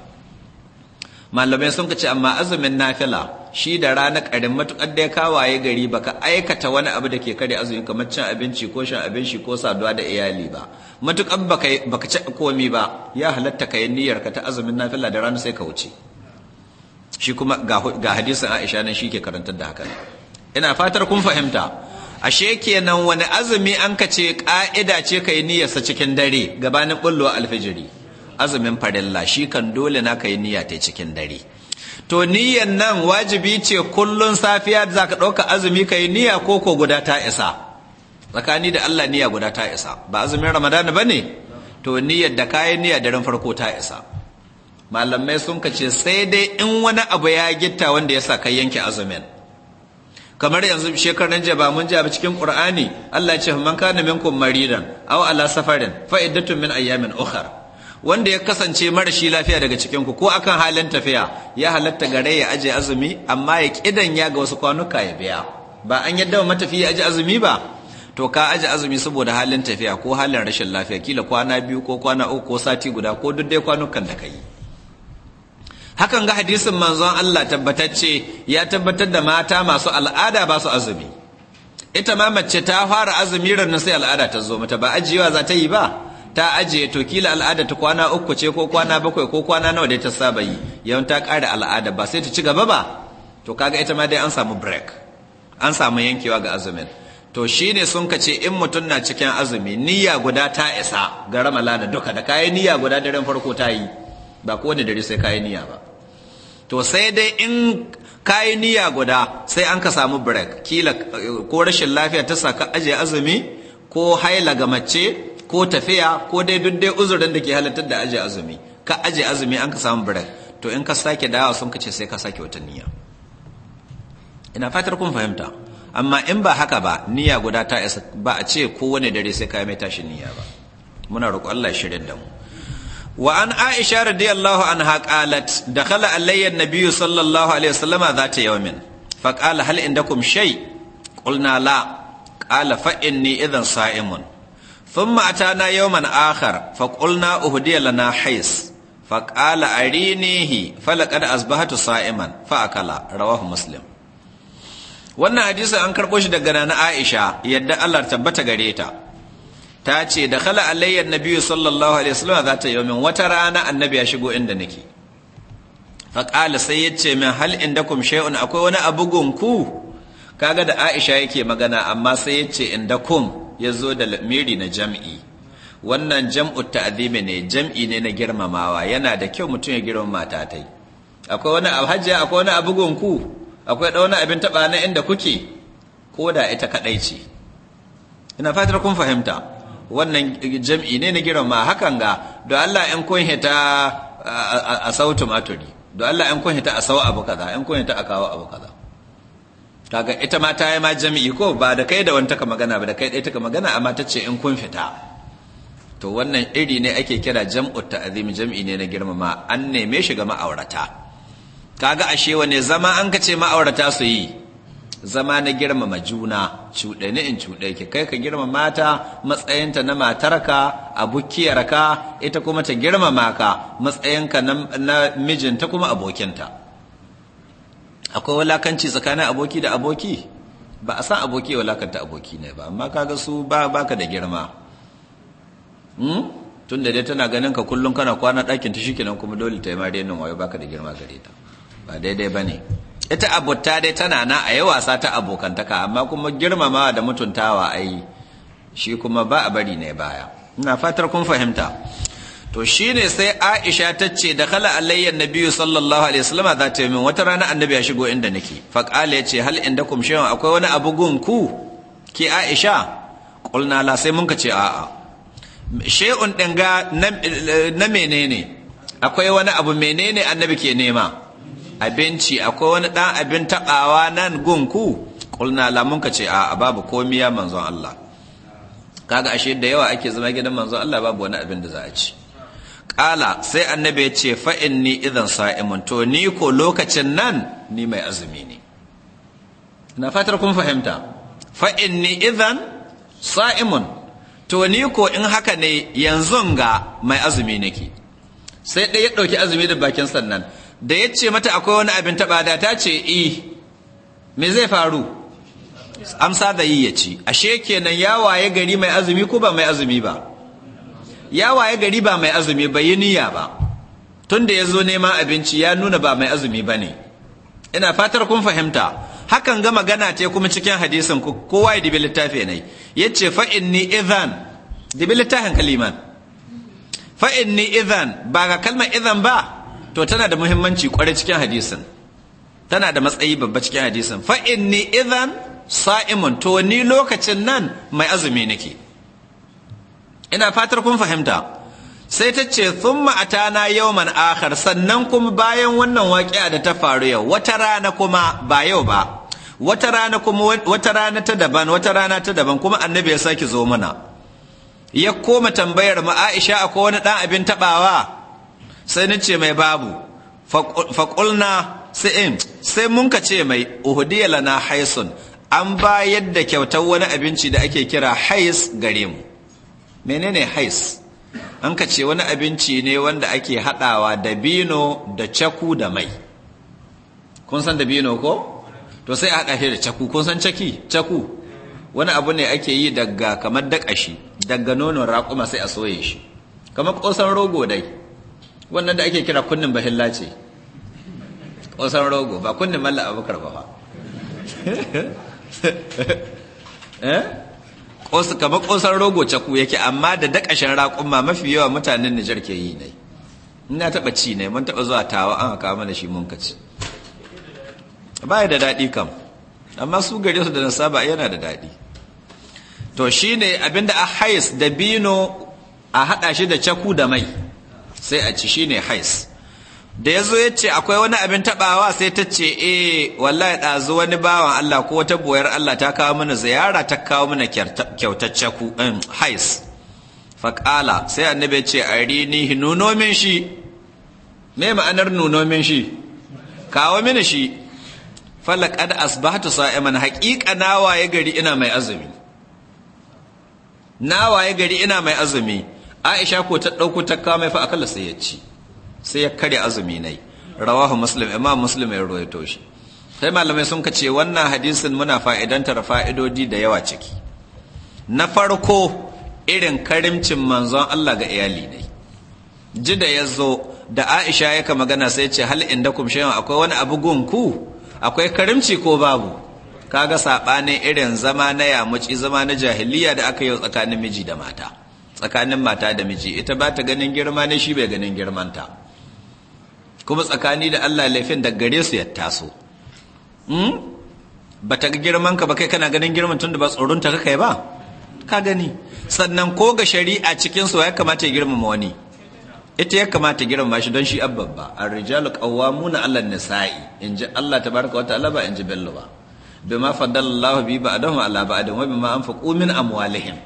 malamai sun kace amma azumin nafila shi da rana ƙarin matuƙar da ya kawaye gari baka aikata wani abu da ke kare azumi kamar cin abinci ko shan abinci ko saduwa da iyali ba matuƙar baka ci komi ba ya halatta ka yi niyyar ka ta azumin nafila da rana sai ka wuce shi kuma ga hadisin Aisha nan shi ke karantar da haka ina fatar kun fahimta ashe kenan wani azumi an ka ce ƙa'ida ce ka yi niyyarsa cikin dare gabanin bullo alfijiri azumin farilla shi kan dole na ka yi niyya ta cikin dare to niyyar nan wajibi ce kullun safiya za ka ɗauka azumi ka yi niyya ko ko guda ta isa tsakani da allah niyya guda ta isa ba azumin ramadana ba ne to niyyar da ka yi niyya daren farko ta isa malamai sun ka ce sai dai in wani abu ya gitta wanda ya sa ka yanke azumin kamar yanzu shekaran jaba mun jaba cikin qur'ani Allah ya ce man kana minkum maridan aw ala safarin fa iddatun min ayyamin ukhra wanda ya kasance marashi lafiya daga cikin ku ko akan halin tafiya ya halatta gare ya aje azumi amma ya kidan ya ga wasu kwanuka ya biya ba an yadda matafi ya aje azumi ba to ka aje azumi saboda halin tafiya ko halin rashin lafiya kila kwana biyu ko kwana uku ko sati guda ko duk dai kwanukan da ka yi hakan ga hadisin manzon Allah tabbatacce ya tabbatar da mata masu al'ada ba su azumi ita ma mace ta fara azumi ran sai al'ada ta zo mata ba ajiyewa za ta yi ba ta ajiye to kila al'ada ta kwana uku ce ko kwana bakwai ko kwana nawa dai ta saba yi yawan ta ƙara al'ada ba sai ta ci gaba ba to kaga ita ma dai an samu break an samu yankewa ga azumin to shine sun ka ce in mutum na cikin azumi niyya guda ta isa ga ramala da duka da kayan niyya guda daren farko ta yi ba da dare sai kayan niyya ba to sai dai in kayi niyya guda sai an ka samu break kila ko rashin lafiya ta saka aje azumi ko haila ga mace ko tafiya ko dai duk dai uzurin da ke halittar da aje azumi ka aje azumi an ka samu break to in ka sake dawa sun ka ce sai ka sake wata niyya ina fatar kun fahimta amma in ba haka ba niyya guda ta isa ba a ce kowane dare sai ka mai tashi niyya ba muna roƙo Allah shirin da mu Wa'ana Aisha radiyallahu anha ƙalat da kala allayyana biyu sallallahu alaihi wa sallama za ta min, fa ƙala hal in da kumshai, ƙulla la, ƙala fa inni idan sa'imun, sun mata na yi wa wani akhar, fa ƙulla uhu da na hays, fa ƙala ari fa laƙa da asibitatu fa a kala, rawar Muslum. Wannan hadizan an karɓo shi da gana Aisha yadda Allah ta tabbatar gare ta. ta ce da khala alayyar nabi sallallahu alaihi wasallam za ta min wata rana annabi ya shigo inda nake qala sai yace min hal indakum shay'un akwai wani abu gunku kaga da Aisha yake magana amma sai yace indakum yazo da lamiri na jam'i wannan jam'u ta'zimi ne jam'i ne na girmamawa yana da kyau mutum ya girmama matatai akwai wani abu hajji akwai wani abu gunku akwai da wani abin taba na inda kuke koda ita kadai ce ina fatar kun fahimta wannan jam'i ne na ma hakan ga do Allah in kun hita a sau tumaturi do Allah in kun hita a sau abu kaza in kun hita a kawo abu kaza kaga ita ma ta yi ma jami'i ko ba da kai da wani taka magana ba da kai ɗaya taka magana amma ta ce in kun fita to wannan iri ne ake kira jam'u ta'zim jam'i ne na girmama an neme shi ga ma'aurata kaga ashe wane zama an ka ce ma'aurata su yi zama na girmama juna cuɗani in cuɗe ki kai ka girmama mata matsayinta na matarka abukiyarka ita kuma ta girmama ka matsayinka na mijinta kuma abokinta akwai wulakanci tsakanin aboki da aboki ba a san aboki ya wulakanta aboki ne ba amma kaga su ba baka da girma hmm? tun da dai tana ganin ka kullum kana kwana ɗakin ta shi kenan kuma dole ta yi ma renin wayo baka da girma gare ta ba daidai ba ne ita abota dai tana na a yi wasa ta abokantaka amma kuma girmamawa da mutuntawa a yi shi kuma ba a bari ne baya ina fatar kun fahimta to shine sai Aisha ta ce da kala alayya nabi sallallahu alaihi wasallam za ta min wata rana annabi ya shigo inda nake fa qala yace hal indakum shay'un akwai wani abu gunku ki Aisha qulna la sai mun ka ce a'a shay'un din ga na menene akwai wani abu menene annabi ke nema abinci akwai wani ɗan abin taɓawa nan gunku ƙulna lamun ka ce a babu komiya manzon Allah kaga ashe da yawa ake zama gidan manzon Allah babu wani abin da za a ci ƙala sai annabi ya ce fa'in ni idan sa'imun to ni ko lokacin nan ni mai azumi ne na fatar kun fahimta fa'in ni idan sa'imun to ni ko in haka ne yanzu ga mai azumi nake sai ɗaya ya ɗauki azumi da bakin sannan da ya ce mata akwai wani abin taɓa da ta ce i e, me zai faru amsa da yi ya ci ashe kenan ya waye gari mai azumi ko ba mai azumi ba ya waye gari ba mai azumi ba yi niyya ba tun da ya zo neman abinci ya nuna ba mai azumi ba ne ina fatar kun fahimta hakan ga magana ce kuma cikin hadisin kowa ya dibi littafi ne ya ce fa'inni izan dibi littafin kaliman fa'inni izan ba ga kalmar izan ba to tana da muhimmanci kwarai cikin hadisin tana da matsayi babba cikin hadisin fa inni idan sa'imun to ni lokacin nan mai azumi nake ina fatar kun fahimta sai ta ce thumma atana yawman akhar sannan kuma bayan wannan waƙiya da ta faru yau wata rana kuma ba yau ba wata rana kuma wata rana ta daban wata rana ta daban kuma annabi ya sake zo mana ya koma tambayar mu Aisha akwai wani dan abin tabawa sai na ce mai babu faƙulna sai eh, sai mun ka ce mai uhudiya lana haisun an bayar da kyautar wani abinci da ake kira hais gare mu menene hais an ka ce wani abinci ne wanda ake haɗawa da bino da caku da mai kun san da bino ko to sai a haɗa da caku kun san caki caku wani abu ne ake yi daga kamar daƙashi daga nonon raƙuma sai a soye shi kamar ƙosan rogo dai wannan da ake kira kunnin bahilla ce ƙosan rogo ba kunnin malla abubakar ba fa [laughs] eh? kamar ƙosan rogo caku yake amma da dakashin raƙumma mafi yawa mutanen nijar ke yi ne ina taɓa ci ne mun taɓa zuwa tawa an haka mana shi mun kaci ba da daɗi kam amma su gare su da nasaba yana da daɗi to shi shine abinda a hais da bino a haɗa shi da caku da mai sai a ci shine hais da ya zo ya ce akwai wani abin tabawa sai ta ce e wallahi ɗazu wani bawan Allah ko wata boyar Allah ta kawo mana ziyara ta kawo mana kyautacce ku um, hais faƙala sai annabi ce arini nuno min shi me ma'anar nuno min shi kawo mini shi falakad asbahtu sa'iman haƙiƙa na waye gari ina mai azumi na waye gari ina mai azumi aisha ko ta ɗauko ta kama fa akalla sai ya ci sai ya karya azumi nai rawahu muslim imam muslim ya rawaito shi sai malamai sun ka ce wannan hadisin muna fa'idantar fa'idodi da yawa ciki na farko irin karimcin manzon Allah ga iyali ne ji da ya zo da aisha yaka magana sai ce hal inda kum shayan akwai wani abu gunku akwai karimci ko babu kaga saɓanin irin zama na yamuci zama na jahiliya da aka yi tsakanin miji da mata tsakanin mata da miji ita ba ta ganin girma ne shi bai ganin girmanta kuma tsakani da Allah laifin da gare su ya taso hmm? ba ta ga girmanka ba kai kana ganin girman tun da ba tsoronta ka kai ba ka gani sannan ko ga shari'a cikin cikinsu ya kamata ya girmama wani ita ya kamata ya girma shi don shi abbabba ar-rijalu qawwamuna 'ala an-nisa'i ji Allah tabaaraka wa ta'ala ba ji bello ba bima faddala Allahu bi ba'dahum 'ala ba'din wa bima anfaqu min amwalihim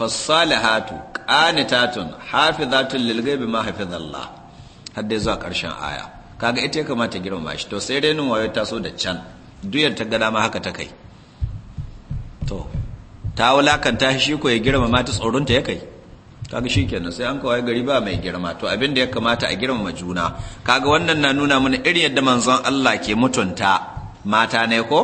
fassalihatu qanitatun hafizatun lil ghaibi ma hafizallah har dai zuwa karshen aya kaga ita ya kamata girmama shi to sai renin wayo ta so da can duyar ta gada ma haka ta kai to ta wulakanta shi ko ya girmama ta ya kai kaga shikenan sai an kawai gari ba mai girma to abin da ya kamata a girmama juna kaga wannan na nuna mana irin yadda manzon Allah ke mutunta mata ne ko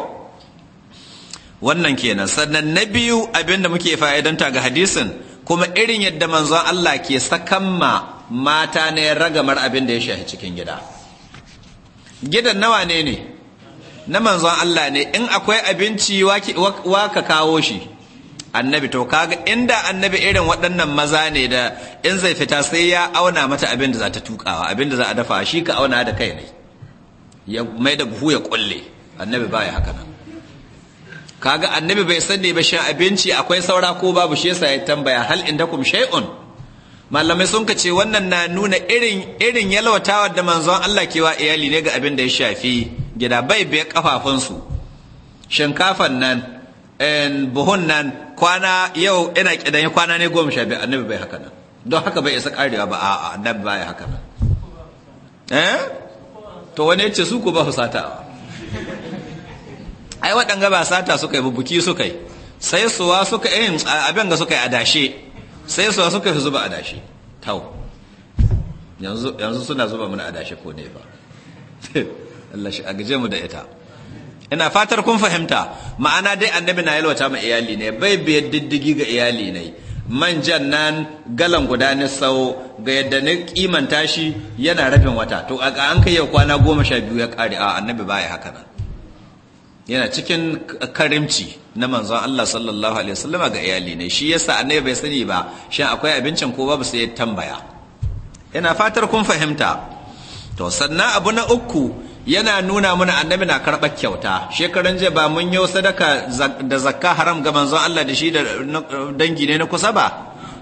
wannan kenan sannan na biyu abinda muke fa'idanta ga hadisin kuma irin yadda manzon Allah ke sakamma mata ne ragamar abin da ya shahi cikin gida gidan nawa ne ne na manzon Allah ne in akwai abinci waka kawo shi annabi to kaga inda annabi irin waɗannan maza ne da in zai fita sai ya auna mata abin da za ta tukawa abin da za a dafa shi ka auna da kai ne ya mai da buhu ya ƙulle annabi baya haka nan kaga annabi bai sanne ba shin abinci akwai saura ko babu shi yasa ya tambaya hal indakum shay'un malamai sun ce wannan na nuna irin irin yalwatawa da manzon Allah ke wa iyali ne ga abin da ya shafi gida bai bai kafafunsu shinkafan nan buhun nan kwana yau ina kidan kwana ne goma sha biyu annabi bai haka nan don haka bai isa karewa ba a'a annabi bai haka nan eh to wani ya su ku ba fusata. ai waɗanga ba sata suka yi bubuki suka yi sai suwa suka yi abin da suka yi adashe sai suwa suka yi zuba adashe tau yanzu suna zuba mana adashe ko ne ba [laughs] Allah shi agaje mu da ita ina fatar kun fahimta ma'ana dai annabi na yalwata ma iyali ne bai biya diddigi ga iyali ne manjan nan galan guda ni sau ga yadda ni kimanta shi yana rabin wata to a an kai yau kwana goma sha biyu ya kare a annabi baya haka nan yana cikin karimci na manzon Allah sallallahu alaihi wasallam ga iyali ne shi yasa annabi bai sani ba shi akwai abincin ko babu sai ya tambaya yana fatar kun fahimta to sannan abu na uku yana nuna mana annabi na karɓar kyauta shekaran jiya ba mun yi sadaka da zakka haram ga manzon Allah da shi da dangi ne na kusa ba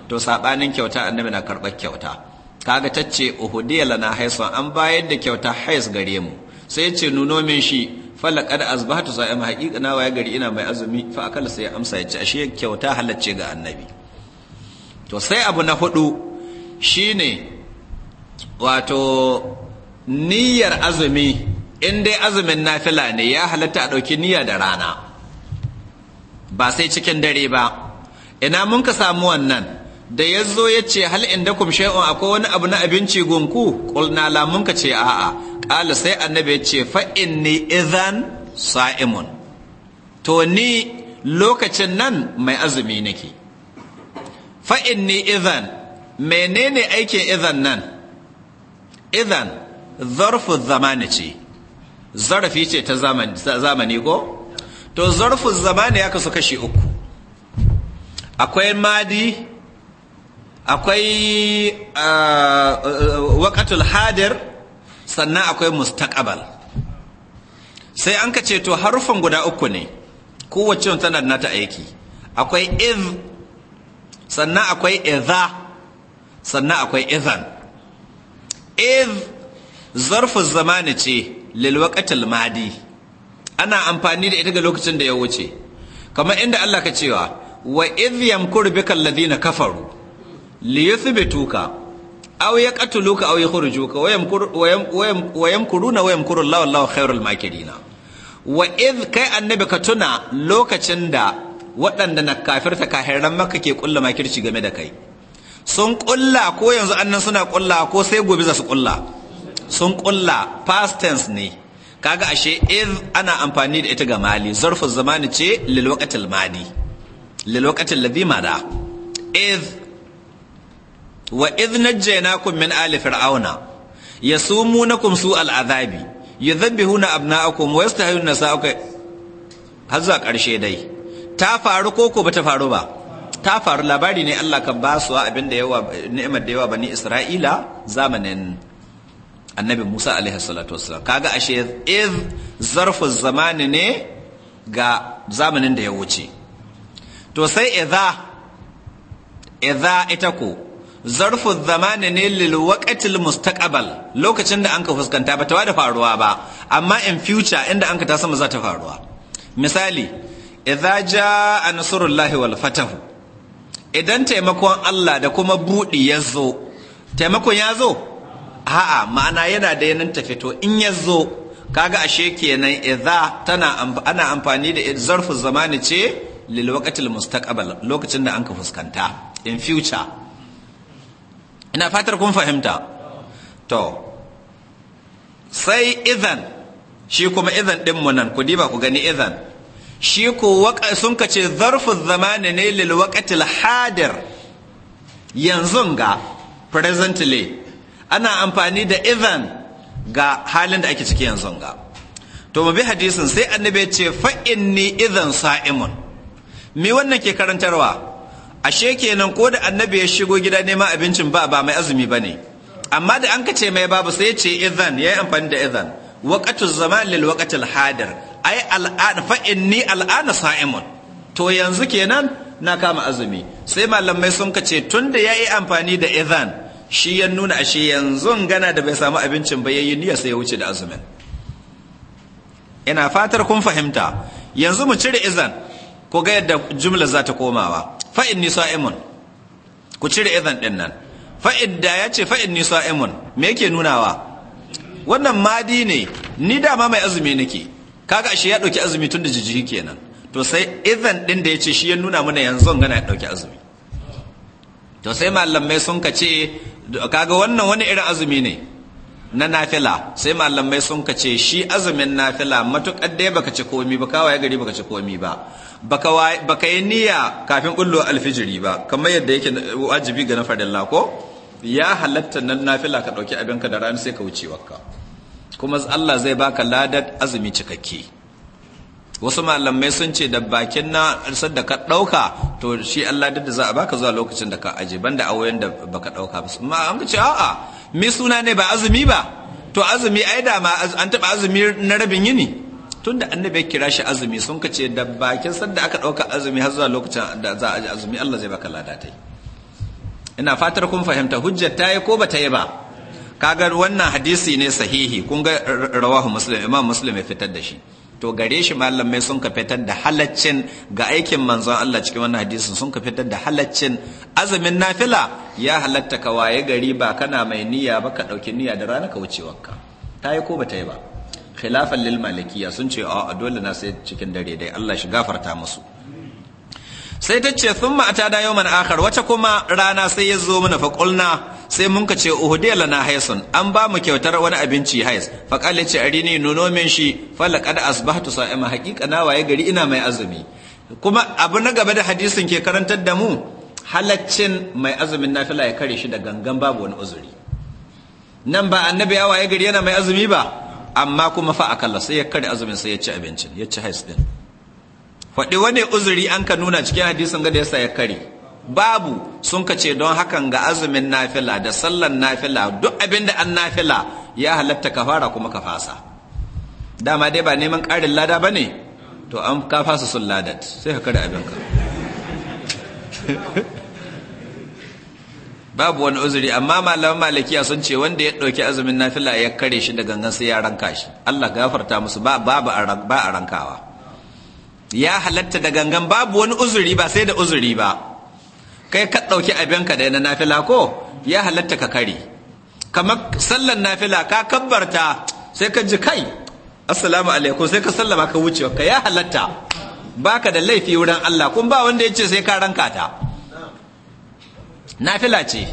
to sabanin kyauta annabi na karɓar kyauta kaga tacce uhudiyya lana haisan an bayar da kyauta hais gare mu sai ce nuno min shi falaqad azbahatu sa'im haqiqa na waya gari ina mai azumi fa akalla sai amsa ya ci ashe kyauta halacce ga annabi to sai abu na hudu shine wato niyyar azumi in dai azumin nafila ne ya halatta a dauki niyya da rana ba sai cikin dare ba ina mun ka samu wannan da yazo yace ya hal inda kum shay'un akwai wani abu na abinci gunku qulna la mun ka ce a'a ƙala sai annabi ya ce inni idhan sa'imun to ni lokacin nan mai azumi nake inni idhan menene aikin izan nan izan zarfu zamani ce zarafi ce ta zamani ko to zarfin zamani ya kasu kashi uku akwai madi akwai ah, ah, wakatul hadir sannan akwai mustaqabal sai an ka ce to harufan guda uku ne kowace tana da nata aiki akwai iz sannan akwai iza sannan akwai izan iz zarfu zamani ce lilwaqatil madi ana amfani da ita ga lokacin da ya wuce kamar inda Allah ka cewa wa iz yamkuru bikal ladina kafaru liyuthbituka aw ya qatuluka aw juka, wa yamkuru wa yamkuruna wa yamkuru Allah wallahu khairul makirina wa idh kai annabi ka tuna lokacin da waɗanda na kafirta kahiran maka ke kulla makirci game da kai sun ƙulla ko yanzu annan suna kulla ko sai gobe za su kulla sun ƙulla past tense ne kaga ashe idh ana amfani da ita ga mali zarfu zamani ce lil mali. madi lil waqtil ladhi mada idh wa idh kun min ali fir'auna ya su al'azabi yudhabbihuna abna'akum wa yastahiyuna nisa'akum har zuwa ƙarshe dai ta faru ko ko bata faru ba ta faru labari ne Allah ka ba su abin da yawa ni'imar da yawa bani Isra'ila zamanin annabi Musa alaihi salatu Ka ga ashe iz zarfu zamani ne ga zamanin da ya wuce to sai idza idza ita ko zarfu zamani ne lil mustaqbal lokacin da anka fuskanta ba ta da faruwa ba amma in future inda anka ta sama za ta faruwa misali idza jaa nasrullahi wal fatah idan taimakon Allah da kuma budi ya zo taimakon ya zo a'a ma'ana yana da yanin ta fito in ya zo kaga ashe kenan idza tana ana amfani da zarfu zamani ce lil waqtil mustaqbal lokacin da anka fuskanta in future ina fatar kun fahimta to sai idan shi kuma idan din mu nan ku diba ku gani idan shi waka, sun kace zamani ne lil waqtil hadir yanzu ga presently ana amfani da idan ga halin da ake ciki yanzu ga to mu bi hadisin sai annabi ya ce fa inni idan sa'imun me wannan ke karantarwa ashe kenan ko da annabi ya shigo gida neman abincin ba ba mai azumi ne, amma da an kace mai babu sai ya izan ya yi amfani da idhan waqatu zaman lil waqatil hadir ai al'ana fa inni al'ana sa'imun to yanzu kenan na kama azumi sai malamai sun kace tunda yayi amfani da izan shi ya nuna ashe yanzu gana da bai samu abincin ba yayi niyya sai ya wuce da azumin ina fatar kun fahimta yanzu mu cire izan ko ga yadda jumla za ta komawa fa'in imun ku cire izan ɗin nan fa'in da ya ce fa'in imun me yake nunawa wannan madi ne ni dama mai azumi nake kaga ashe ya ɗauki azumi tun da jijiri kenan to sai izan ɗin da ya ce shi ya nuna mana yanzu gana ya ɗauki azumi to sai malamai sun ka ce kaga wannan wani irin azumi ne na nafila sai malamai sun ka ce shi azumin nafila matuƙar dai baka ci komi ba kawai gari baka ci komi ba baka yi niyya kafin kullu alfijiri ba kamar yadda yake wajibi ga na farilla ko ya halatta nan nafila ka dauki abinka da ranar sai ka wuce wakka kuma Allah zai baka ladar azumi cikakke wasu malamai sun ce da bakin na arsar da ka dauka to shi Allah da za a baka zuwa lokacin da ka aje banda awoyin da baka dauka ba amma an ce a'a me suna ne ba azumi ba to azumi ai da ma an taba azumi na rabin yini Tun annabi ya kira shi azumi sun ka ce da bakin sanda aka ɗauka azumi har zuwa lokacin da za a ji azumi Allah zai baka lada ta yi. ina fatar kun fahimta hujjar ta yi ko ba ta yi ba kaga wannan hadisi ne sahihi kun ga rawahu muslim imam muslim ya fitar da shi to gare shi malamai sun ka fitar da halaccin ga aikin manzon Allah cikin wannan hadisi sun ka fitar da halaccin azumin nafila ya halatta ka waye gari ba kana mai niyya ba ka dauki niyya da rana ka wucewarka ta yi ko ba ta yi ba khilafan lil malikiya sun ce a dole na sai cikin dare dai Allah shi gafarta musu sai ta ce sun ma'ata da yawon akhar wace kuma rana sai ya zo mana faƙulna sai mun ka ce uhudiyar lana haisun an ba mu kyautar wani abinci hais faƙal ce arini nuno min shi da asbahtu sa'ima haƙiƙa na waye gari ina mai azumi kuma abu na gaba da hadisin ke karantar da mu halaccin mai azumin nafila ya kare shi da gangan babu wani uzuri nan ba annabi ya waye gari yana mai azumi ba amma kuma fa akalla sai ya kare azumin sai ya ci abincin ya ci hais din faɗi wani uzuri an ka nuna cikin hadisin ga da yasa ya kare babu sun ka ce don hakan ga azumin nafila da sallan nafila duk abin da an nafila ya halatta ka fara kuma ka fasa dama dai ba neman ƙarin lada ba ne to an ka fasa sun ladat sai ka kare abinka [laughs] babu wani uzuri amma malaman malakiya sun ce wanda ya ɗauki azumin nafila ya kare shi da gangan sai ya ranka shi Allah gafarta musu ba a rankawa ya halatta da gangan babu wani uzuri ba sai da uzuri ba kai ka ɗauki abinka da na nafila ko ya halatta ka kare kamar sallan nafila ka kabbarta sai ka ji kai assalamu alaikum sai ka sallama ka wuce ka ya halatta baka da laifi wurin Allah kun ba wanda ya ce sai ka ranka ta nafila ce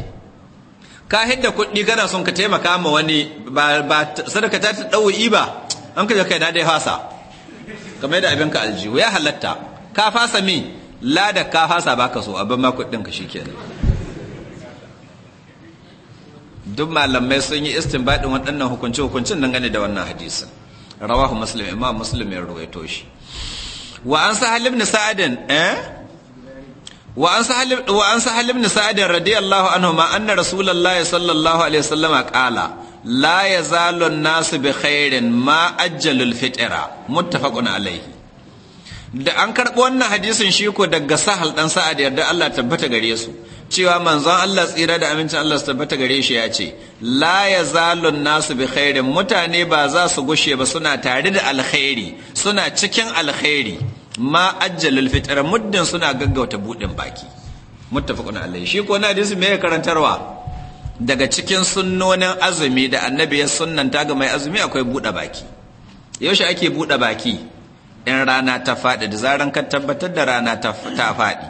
ka hidda kuɗi kana son ka taimaka ma wani ba sadaka ta ta dawo'i ba an ka kai na dai fasa kamar da abin ka aljihu ya halatta ka fasa mi lada ka fasa baka so abin ma kuɗinka ka shikenan duk malamai sun yi istinbadin waɗannan hukunci hukuncin gane da wannan hadisin rawahu muslim imam muslim ya ruwaito shi wa an sahal ibn sa'adin eh وعن سهل وعن سهل بن سعد رضي الله عنهما ان رسول الله صلى الله عليه وسلم قال لا يزال الناس بخير ما اجل الفطره متفق عليه da an karɓi wannan hadisin shi ko daga sahal dan sa'ad yarda Allah tabbata gare su cewa manzon Allah tsira da amincin Allah su tabbata gare shi ya ce la yazalu nasu bi khairin mutane ba za su gushe ba suna tare da alkhairi suna cikin alkhairi ma ajjalal fitr muddin suna gaggauta budin baki muttafaqun alayhi shi ko na hadisi me karantarwa daga cikin sunnonin azumi da annabi ya sunnanta ga mai azumi akwai buɗe baki yaushe ake buɗe baki in rana ta faɗi da zaran ka tabbatar da rana ta faɗi